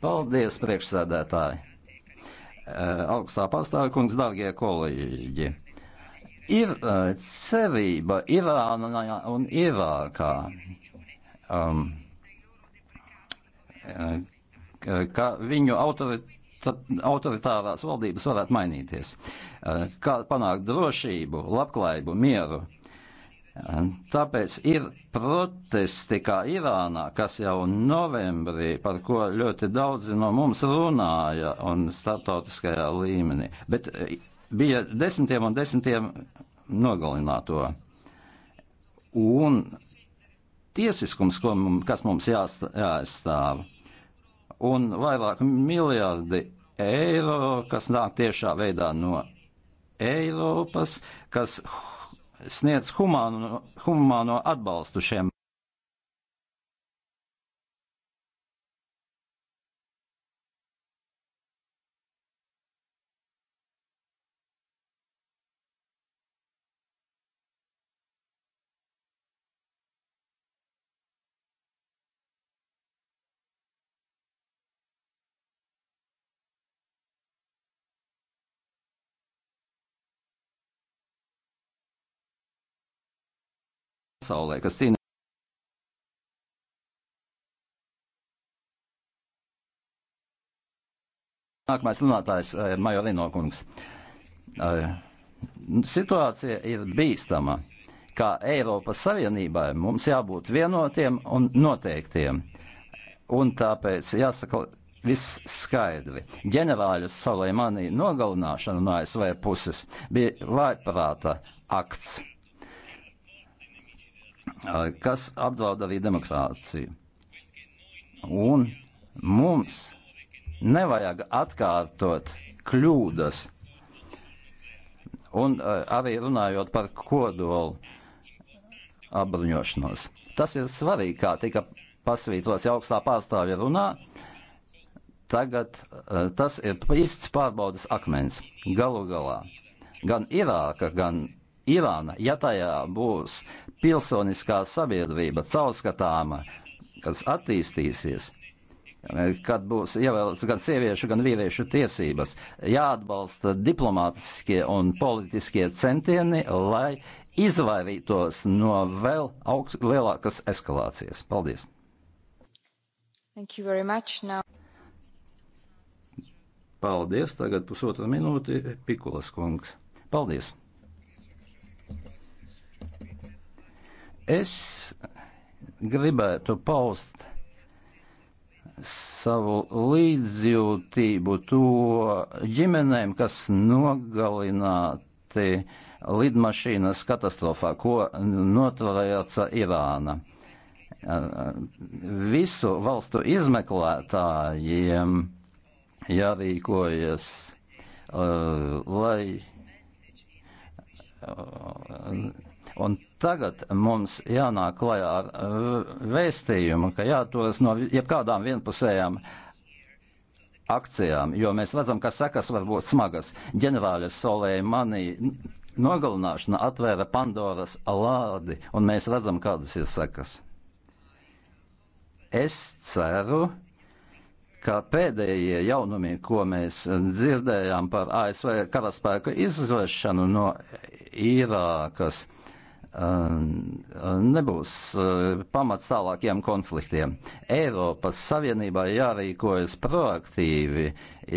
Paldies, priekšsēdētāji! Eh, augstā pārstāvja kungs, dārgie kolēģi! Ir eh, cerība Irānā un Irākā. Um, eh, ka viņu autoritārās valdības varētu mainīties, kā panākt drošību, labklājību, mieru Tāpēc ir protesti kā Irānā, kas jau novembrī, par ko ļoti daudzi no mums runāja un startautiskajā līmenī, bet e, bija desmitiem un desmitiem nogalināto. Un tiesiskums, mums, kas mums jāaizstāv, un vairāk miljardi eiro, kas nāk tiešā veidā no Eiropas, kas sniedz humāno, humāno atbalstu šiem pasaulē, kas cīnās. Nākamais runātājs eh, ir Majorino kungs. Eh, situācija ir bīstama. Kā Eiropas Savienībai mums jābūt vienotiem un noteiktiem. Un tāpēc jāsaka viss skaidri. Ģenerāļa Soleimani nogalināšana no ASV puses bija vaiprāta akts kas apdraud arī demokrāciju. Un mums nevajag atkārtot kļūdas. Un arī runājot par kodolu apbruņošanos. Tas ir svarīgi, kā tika pasvītrots jau augstā pārstāvja runā. Tagad tas ir īsts pārbaudas akmens. Galu galā gan Irāka, gan Irāna, ja tajā būs pilsoniskā sabiedrība caurskatāma, kas attīstīsies, kad būs ievēlēts gan sieviešu, gan vīriešu tiesības, jāatbalsta diplomātiskie un politiskie centieni, lai izvairītos no vēl augst, lielākas eskalācijas. Paldies! Now... Paldies! Tagad pusotra minūte Pikulas kungs. Paldies! Es gribētu paust savu līdzjūtību to ģimenēm, kas nogalināti lidmašīnas katastrofā, ko notvarēja Irāna. Visu valstu izmeklētājiem jārīkojas, uh, lai uh, un Tagad mums jānāk klajā ar eh, vēstījumu, ka jāturas no jebkādām vienpusējām akcijām, jo mēs redzam, ka sekas var būt smagas. Ģenerāļa Solēja manī nogalināšana atvēra Pandoras lādi, un mēs redzam, kādas ir sekas. Es ceru, ka pēdējie jaunumi, ko mēs dzirdējām par ASV karaspēku izvešanu no Irākas, nebūs pamats tālākiem konfliktiem. Eiropas Savienībā jārīkojas proaktīvi,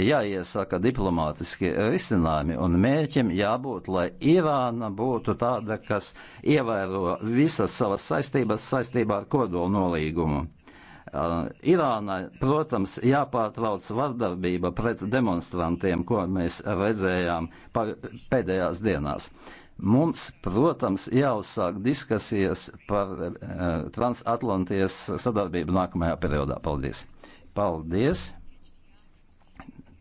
jāiesaka diplomātiski risinājumi un mērķim jābūt, lai Irāna būtu tāda, kas ievēro visas savas saistības saistībā ar kodolu nolīgumu. Irānai, protams, jāpārtrauc vardarbība pret demonstrantiem, ko mēs redzējām pēdējās dienās. Uh, Mums, protams, jāuzsāk diskusijas par uh, eh, transatlantijas sadarbību nākamajā periodā. Paldies! Paldies!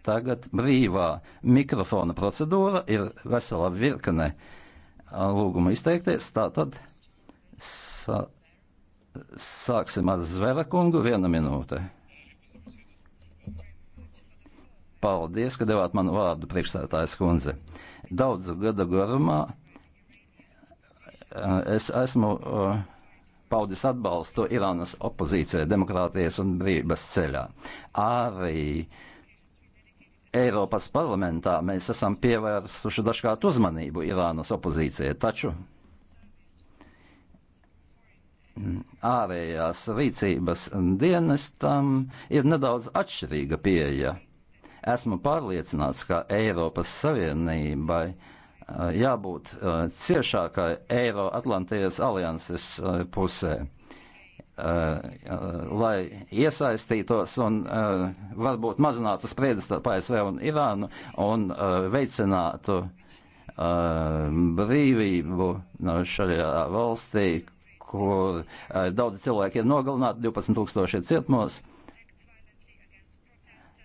Tagad brīvā mikrofona procedūra ir vesela virkne lūguma izteikties. Tātad sa sāksim ar Zvera kungu viena minūte. Paldies, ka devāt man vārdu priekšstādātājas kundze. Daudzu gadu garumā Eh, es esmu eh, paudis atbalstu Irānas opozīcijai demokrātijas un brīvības ceļā. Arī Eiropas parlamentā mēs esam pievērsuši dažkārt uzmanību Irānas opozīcijai, taču ārējās rīcības dienestam ir nedaudz atšķirīga pieeja. Esmu pārliecināts, ka Eiropas Savienībai Eh, jābūt eh, ciešākai Eiroatlantijas alianses eh, pusē, lai iesaistītos un varbūt mazinātu spriedzi starp ASV un Irānu un veicinātu brīvību šajā valstī, kur daudzi cilvēki ir nogalināti, 12 tūkstoši ir cietumos.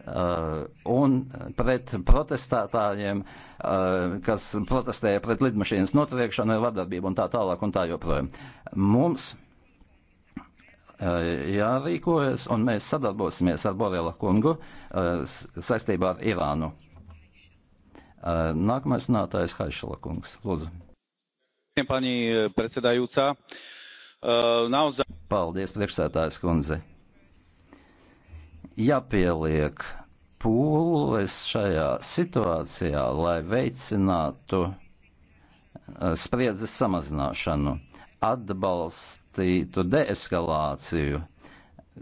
Eh, un pret protestētājiem, eh, kas protestēja pret lidmašīnas notriekšanu, vardarbību un tā tālāk un tā joprojām. Mums eh, jārīkojas, un mēs sadarbosimies ar Borela kungu saistībā ar Irānu. Nākamais nātājs Haišala kungs. Lūdzu. Pani predsedajúca, naozaj. Paldies, priekšsētājs kundze jāpieliek pūles šajā situācijā, lai veicinātu eh, spriedzes samazināšanu, atbalstītu deeskalāciju,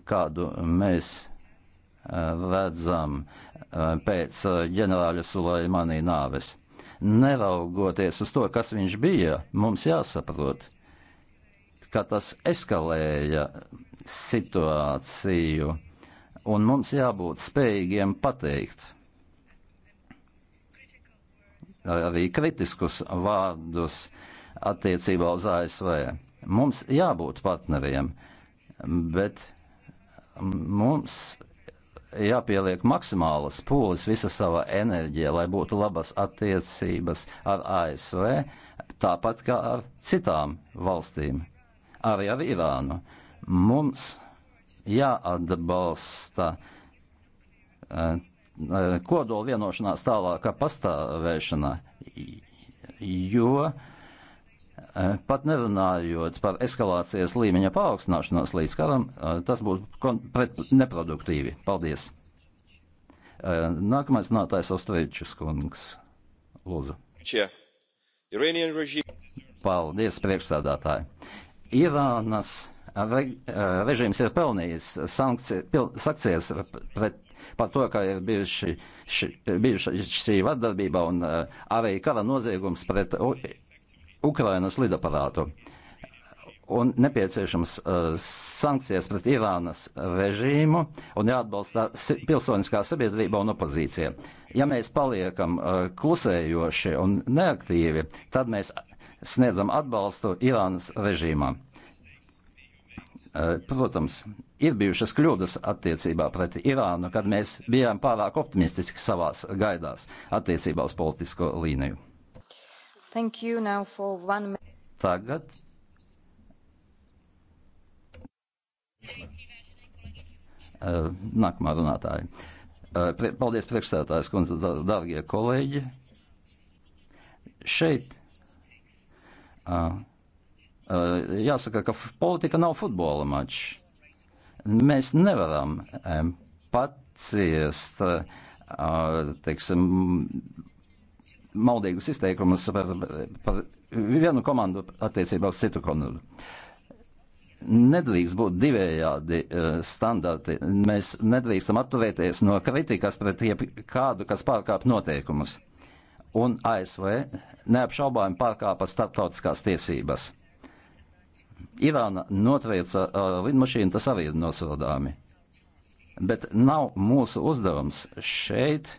kādu mēs eh, redzam eh, pēc ģenerāļa Sulaimanī nāves. Neraugoties uz to, kas viņš bija, mums jāsaprot, ka tas eskalēja situāciju un mums jābūt spējīgiem pateikt arī kritiskus vārdus attiecībā uz ASV. Mums jābūt partneriem, bet mums jāpieliek maksimālas pūles visa sava enerģija, lai būtu labas attiecības ar ASV, tāpat kā ar citām valstīm, arī ar Irānu. Mums jāatbalsta eh, kodola vienošanās tālākā pastāvēšanā, jo eh, pat nerunājot par eskalācijas līmeņa paaugstināšanos līdz karam, eh, tas būtu neproduktīvi. Paldies! Nākamais nātais Austrēčus kungs. Lūdzu. Paldies, priekšsādātāji. Irānas režīms ir pelnījis sankcijas pret, par to, ka ir bijuši, ši, bijuši šī vardarbība un eh, arī kara noziegums pret U Ukrainas lidaparātu. Un nepieciešams uh, sankcijas pret Irānas režīmu un jāatbalsta si pilsoniskā sabiedrība un opozīcija. Ja mēs paliekam uh, klusējoši un neaktīvi, tad mēs sniedzam atbalstu Irānas režīmām. Eh, protams, ir bijušas kļūdas attiecībā pret Irānu, kad mēs bijām pārāk optimistiski savās gaidās attiecībā uz politisko līniju. One... Tagad. Eh, nākamā runātāja. Eh, paldies, priekšstādātājs, kundze, darbie kolēģi. Šeit. Uh, Eh, jāsaka, ka politika nav futbola mačs. Mēs nevaram paciest, eh, teiksim, maldīgus izteikumus par, par vienu komandu attiecībā uz citu komandu. Nedrīkst būt divējādi uh, standarti. Mēs nedrīkstam atturēties no kritikas pret jebkādu, kas pārkāp noteikumus. Un ASV neapšaubāmi pārkāpa starptautiskās tiesības. Irāna notveica uh, lidmašīnu, tas arī ir nosodāmi. Bet nav mūsu uzdevums šeit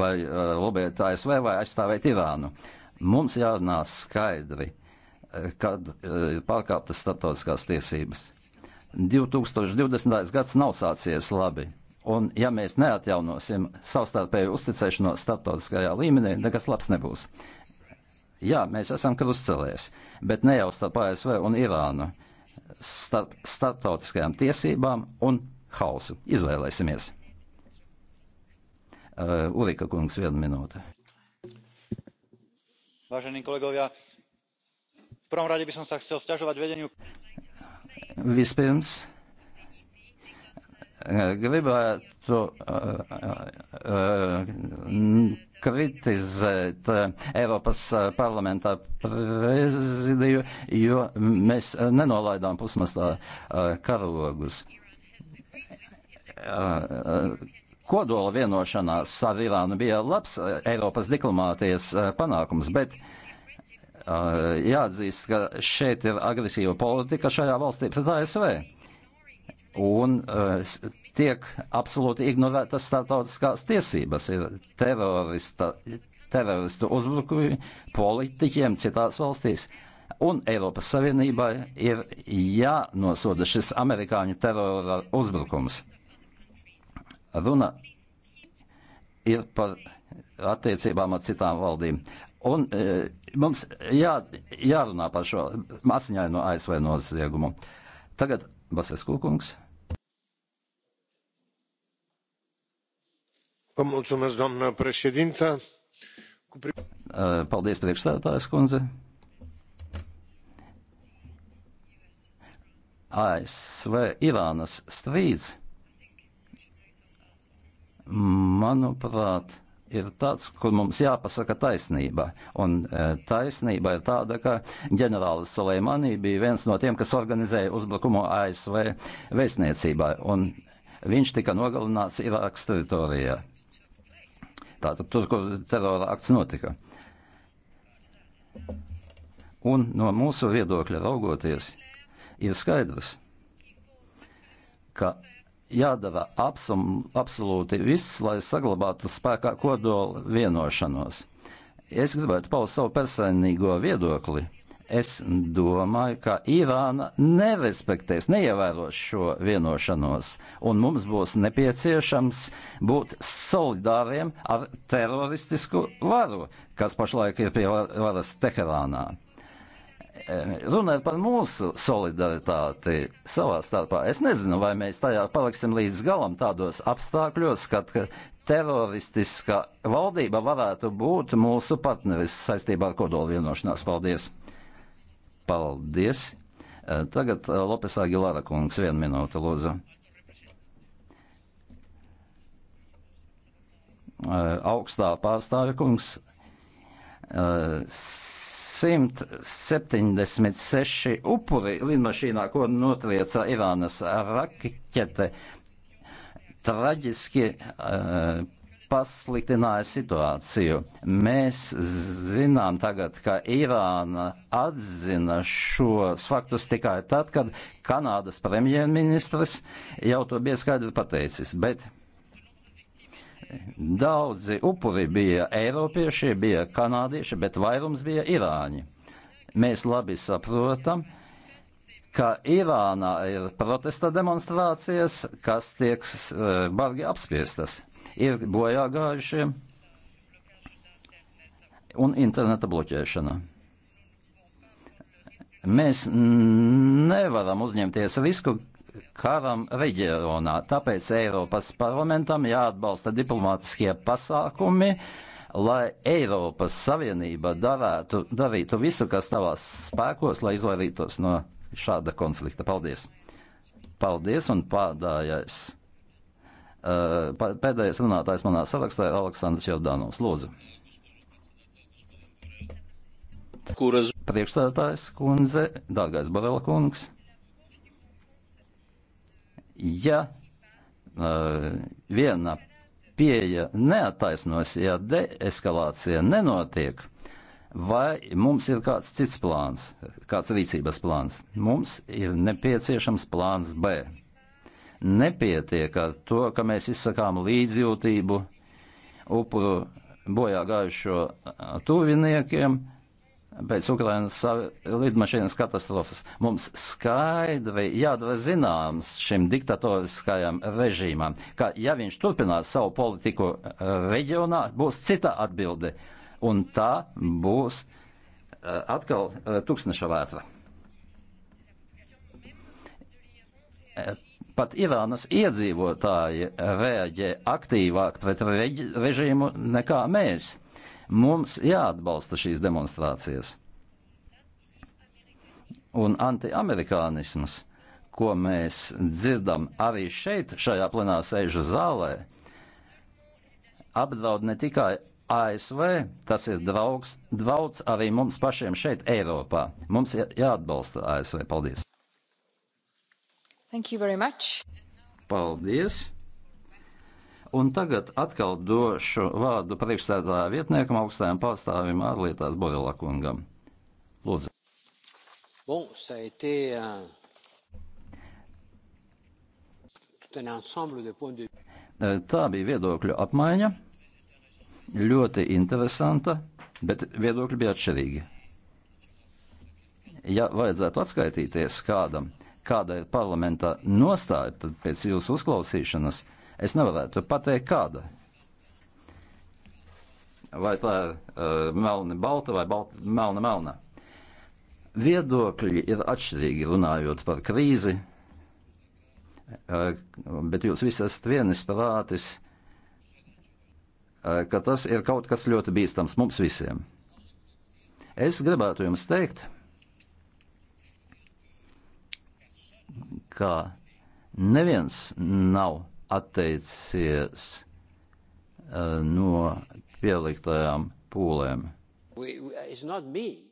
vai uh, lobēt ASV vai aizstāvēt Irānu. Mums jārunā skaidri, kad uh, ir pārkāptas starptautiskās tiesības. 2020. gads nav sācies labi. Un, ja mēs neatjaunosim savstarpēju uzticēšanos starptautiskajā līmenī, nekas labs nebūs. Uh, Jā, mēs esam krustcelēs, bet ne jau starp ASV un Irānu, starp starptautiskajām tiesībām un hausu. Izvēlēsimies. Uh, Ulika kungs, viena minūte. Vážení kolegovia, v prvom rade by som sa chcel sťažovať vedeniu. Vispirms eh, gribētu uh, uh, kritizēt eh, Eiropas eh, parlamentā prezidiju, jo mēs eh, nenolaidām pusmastā karogus. Kodola vienošanās ar Irānu bija labs Eiropas diplomātijas panākums, bet jāatzīst, ka šeit ir agresīva politika šajā valstī pret ASV. Un tiek absolūti ignorētas starptautiskās tiesības. Ir terorista, teroristu uzbrukumi politiķiem citās valstīs. Un Eiropas Savienībai ir jānosoda šis amerikāņu terora uzbrukums. Runa ir par attiecībām ar citām valdīm. Un e, mums jā, jārunā par šo masiņaino ASV noziegumu. Tagad Bases Kūkungs. doamnă președintă eh, paldies priekšsēdētājas kundze ASV Irānas strīds manuprāt ir tāds, kur mums jāpasaka taisnība. Un eh, taisnība ir tāda, ka ģenerālis Soleimani bija viens no tiem, kas organizēja uzbrukumu ASV vēstniecībai, un viņš tika nogalināts Irākas teritorijā tātad tur, kur terora akts notika. Un no mūsu viedokļa raugoties, ir skaidrs, ka jādara absum, absolūti viss, lai saglabātu spēkā kodola vienošanos. Es gribētu paust savu personīgo viedokli Es domāju, ka Irāna nerespektēs, neievēros šo vienošanos, un mums būs nepieciešams būt solidāriem ar teroristisku varu, kas pašlaik ir pie varas Teherānā. Runājot par mūsu solidaritāti savā starpā, es nezinu, vai mēs tajā paliksim līdz galam tādos apstākļos, kad teroristiska valdība varētu būt mūsu partneris saistībā ar kodolu vienošanās. Paldies! Paldies! Eh, tagad eh, Lopes Agilāra kungs, viena minūte, lūdzu. Eh, augstā pārstāvja kungs, 176 upuri lidmašīnā, ko notrieca Irānas rakete, traģiski uh, pasliktināja situāciju. Mēs zinām tagad, ka Irāna atzina šos faktus tikai tad, kad Kanādas premjerministrs jau to bija skaidri pateicis. Bet daudzi upuri bija eiropieši, bija kanādieši, bet vairums bija irāņi. Mēs labi saprotam, ka Irānā ir protesta demonstrācijas, kas tiek uh, bargi apspiestas ir bojā gājušie un interneta bloķēšana. Mēs nevaram uzņemties risku karam reģionā, tāpēc Eiropas parlamentam jāatbalsta diplomātiskie pasākumi, lai Eiropas Savienība darētu, darītu visu, kas tavās spēkos, lai izvairītos no šāda konflikta. Paldies! Paldies un pārdājais! Pēdējais runātājs manā sarakstā ir Aleksandrs Jordānovs. Lūdzu. Kuras? Priekšstādātājs kundze, dārgais Barela kungs. Ja uh, viena pieeja neataisnos, ja deeskalācija nenotiek, vai mums ir kāds cits plāns, kāds rīcības plāns? Mums ir nepieciešams plāns B. Nepietiek ar to, ka mēs izsakām līdzjūtību upuru bojā gājušo tuviniekiem pēc Ukrainas lidmašīnas katastrofas. Mums skaidri jādara zināms šim diktatoriskajam režīmam, ka ja viņš turpinās savu politiku reģionā, būs cita atbilde, un tā būs eh, atkal eh, tūkstneša vētra. Pat Irānas iedzīvotāji reaģē aktīvāk pret reģi, režīmu nekā mēs. Mums jāatbalsta šīs demonstrācijas. Un antiamerikānisms, ko mēs dzirdam arī šeit, šajā plenā sēžu zālē, apdraud ne tikai ASV, tas ir draugs, draugs arī mums pašiem šeit, Eiropā. Mums ir jāatbalsta ASV. Paldies! Thank you very much. Paldies! Un tagad atkal došu vārdu priekšstādātā vietniekam, augstajam pārstāvim ārlietās Borela kungam. Lūdzu. Bon, ça a été un... Euh, tout un ensemble de points de vue. Э, tā bija viedokļu apmaiņa. Ļoti interesanta, bet viedokļi bija atšķirīgi. Ja vajadzētu atskaitīties kādam, kāda ir parlamenta nostāja, tad pēc jūsu uzklausīšanas es nevarētu pateikt, kāda. Vai tā ir uh, melna, balta vai balta, melna, melna. Viedokļi ir atšķirīgi runājot par krīzi, uh, bet jūs visi esat vienis prātis, uh, ka tas ir kaut kas ļoti bīstams mums visiem. Es gribētu jums teikt, ka neviens nav atteicies uh, no pieliktajām pūlēm. We, we,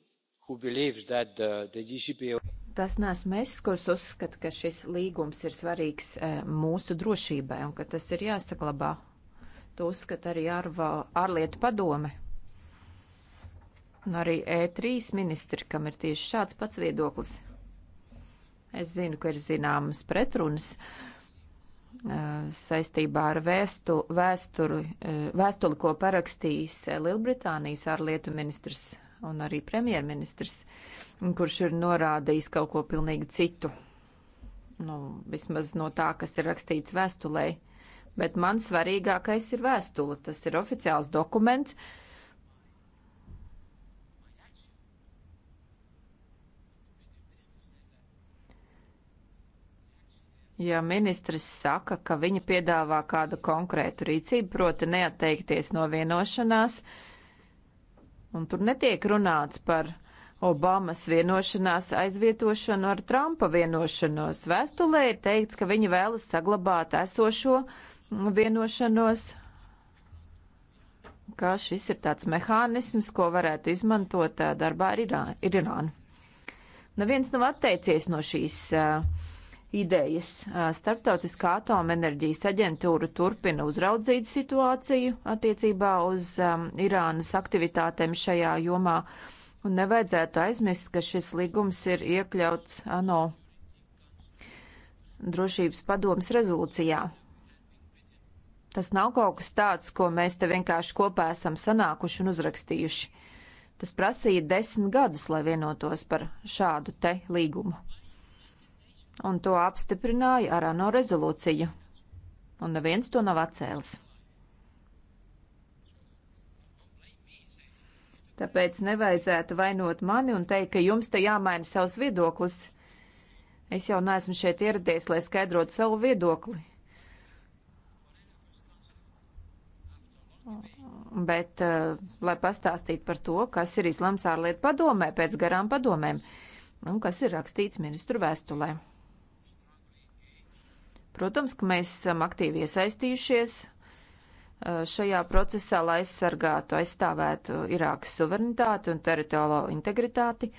Tas neesmu es, kurš uzskata, ka šis līgums ir svarīgs eh, mūsu drošībai un ka tas ir jāsaglabā. To uzskata arī ārva, ārlietu padome. Un arī E3 ministri, kam ir tieši šāds pats viedoklis. Es zinu, ka ir zināmas pretrunas uh, saistībā ar vēstu, vēsturu, uh, vēstuli, ko parakstījis uh, Lielbritānijas ārlietu ministrs un arī premjerministrs, kurš ir norādījis kaut ko pilnīgi citu. Nu, vismaz no tā, kas ir rakstīts vēstulē. Bet man svarīgākais ir vēstule. Tas ir oficiāls dokuments, uh, Ja ministrs saka, ka viņa piedāvā kādu konkrētu rīcību, proti neatteikties no vienošanās, un tur netiek runāts par Obamas vienošanās aizvietošanu ar Trumpa vienošanos, vēstulē ir teikts, ka viņi vēlas saglabāt esošo vienošanos, ka šis ir tāds mehānisms, ko varētu izmantot eh, darbā ar Irānu. Neviens nav atteicies no šīs uh, idejas. Starptautiskā atomenerģijas aģentūra turpina uzraudzīt situāciju attiecībā uz um, Irānas aktivitātēm šajā jomā, un nevajadzētu aizmirst, ka šis līgums ir iekļauts ANO drošības padomas rezolūcijā. Tas nav kaut kas tāds, ko mēs te vienkārši kopā esam sanākuši un uzrakstījuši. Tas prasīja desmit gadus, lai vienotos par šādu te līgumu un to apstiprināja ar ANO rezolūciju, un neviens to nav atcēlis. Tāpēc nevajadzētu vainot mani un teikt, ka jums te jāmaina savs viedoklis. Es jau neesmu šeit ieradies, lai skaidrotu savu viedokli. Bet, eh, lai pastāstītu par to, kas ir izlemts ārlietu padomē pēc garām padomēm un kas ir rakstīts ministru vēstulē. Protams, ka mēs esam aktīvi iesaistījušies uh, šajā procesā, lai aizsargātu, aizstāvētu Irākas suverenitāti un teritoriālo integritāti.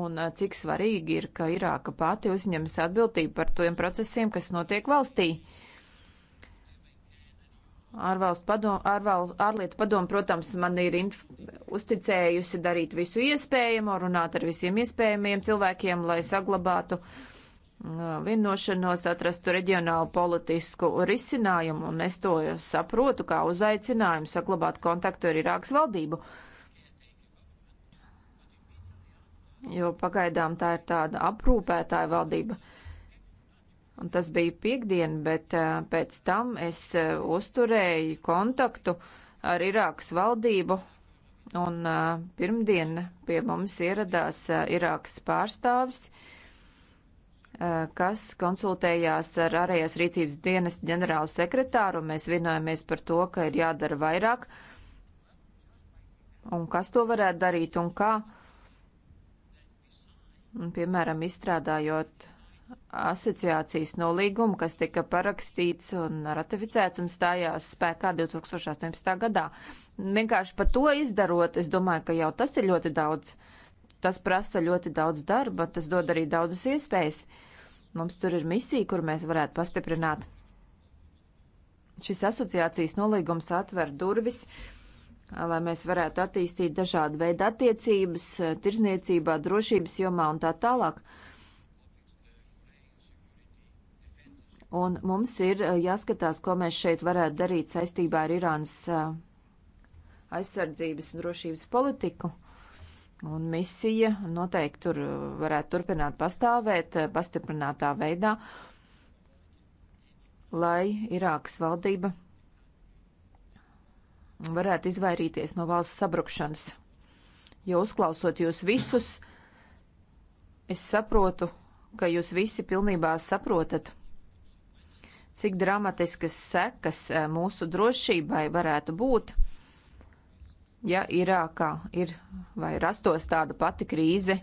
Un uh, cik svarīgi ir, ka Irāka pati uzņemas atbildību par tiem procesiem, kas notiek valstī. Uh, Ārvalstu padomu, ārval, ārlietu padomu, protams, man ir inf, uzticējusi darīt visu iespējamo, runāt ar visiem iespējamiem cilvēkiem, lai saglabātu mm, vienošanos, atrastu reģionālu politisku risinājumu, un es to saprotu kā uzaicinājumu saglabāt kontaktu ar Irākas valdību. Jo pagaidām tā ir tāda aprūpētāja valdība. Un tas bija piekdiena, bet pēc tam es uzturēju kontaktu ar Irākas valdību. Un pirmdien pie mums ieradās Irākas pārstāvis, kas konsultējās ar ārējās rīcības dienas ģenerālu sekretāru. Mēs vienojamies par to, ka ir jādara vairāk un kas to varētu darīt un kā. Un, piemēram, izstrādājot asociācijas nolīgumu, kas tika parakstīts un ratificēts un stājās spēkā 2018. gadā. Vienkārši par to izdarot, es domāju, ka jau tas ir ļoti daudz. Tas prasa ļoti daudz darba, tas dod arī daudzas iespējas. Mums tur ir misija, kur mēs varētu pastiprināt. Šis asociācijas nolīgums atver durvis, lai mēs varētu attīstīt dažādu veidu attiecības, tirzniecībā, drošības jomā un tā tālāk. Uh, Un mums ir eh, jāskatās, ko mēs šeit varētu darīt saistībā ar Irānas eh, aizsardzības un drošības politiku. Un misija noteikti tur eh, varētu turpināt pastāvēt pastiprinātā veidā, lai Irākas valdība varētu izvairīties no valsts sabrukšanas. Jo uzklausot jūs visus, es saprotu, ka jūs visi pilnībā saprotat cik dramatiskas sekas e, mūsu drošībai varētu būt, ja Irākā ir vai rastos tāda pati krīze,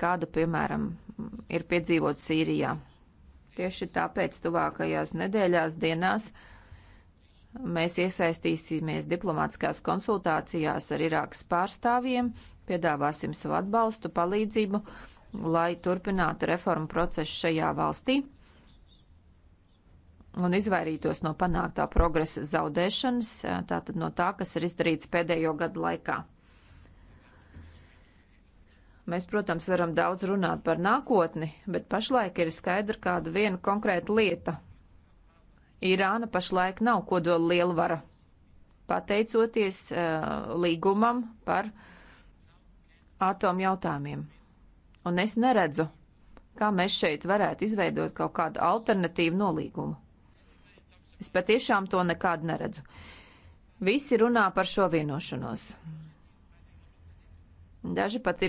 kāda, piemēram, ir piedzīvot Sīrijā. Tieši tāpēc tuvākajās nedēļās dienās mēs iesaistīsimies diplomātiskās konsultācijās ar Irākas pārstāvjiem, piedāvāsim savu atbalstu, palīdzību, lai turpinātu reformu procesu šajā valstī un izvairītos no panāktā progresa zaudēšanas, eh, tātad no tā, kas ir izdarīts pēdējo gadu laikā. Mēs, protams, varam daudz runāt par nākotni, bet pašlaik ir skaidra kāda viena konkrēta lieta. Irāna pašlaik nav kodola lielvara, pateicoties uh, līgumam par atomu jautājumiem. Un es neredzu, kā mēs šeit varētu izveidot kaut kādu alternatīvu nolīgumu. Es patiešām to nekad neredzu. Visi runā par šo vienošanos. Daži pat ir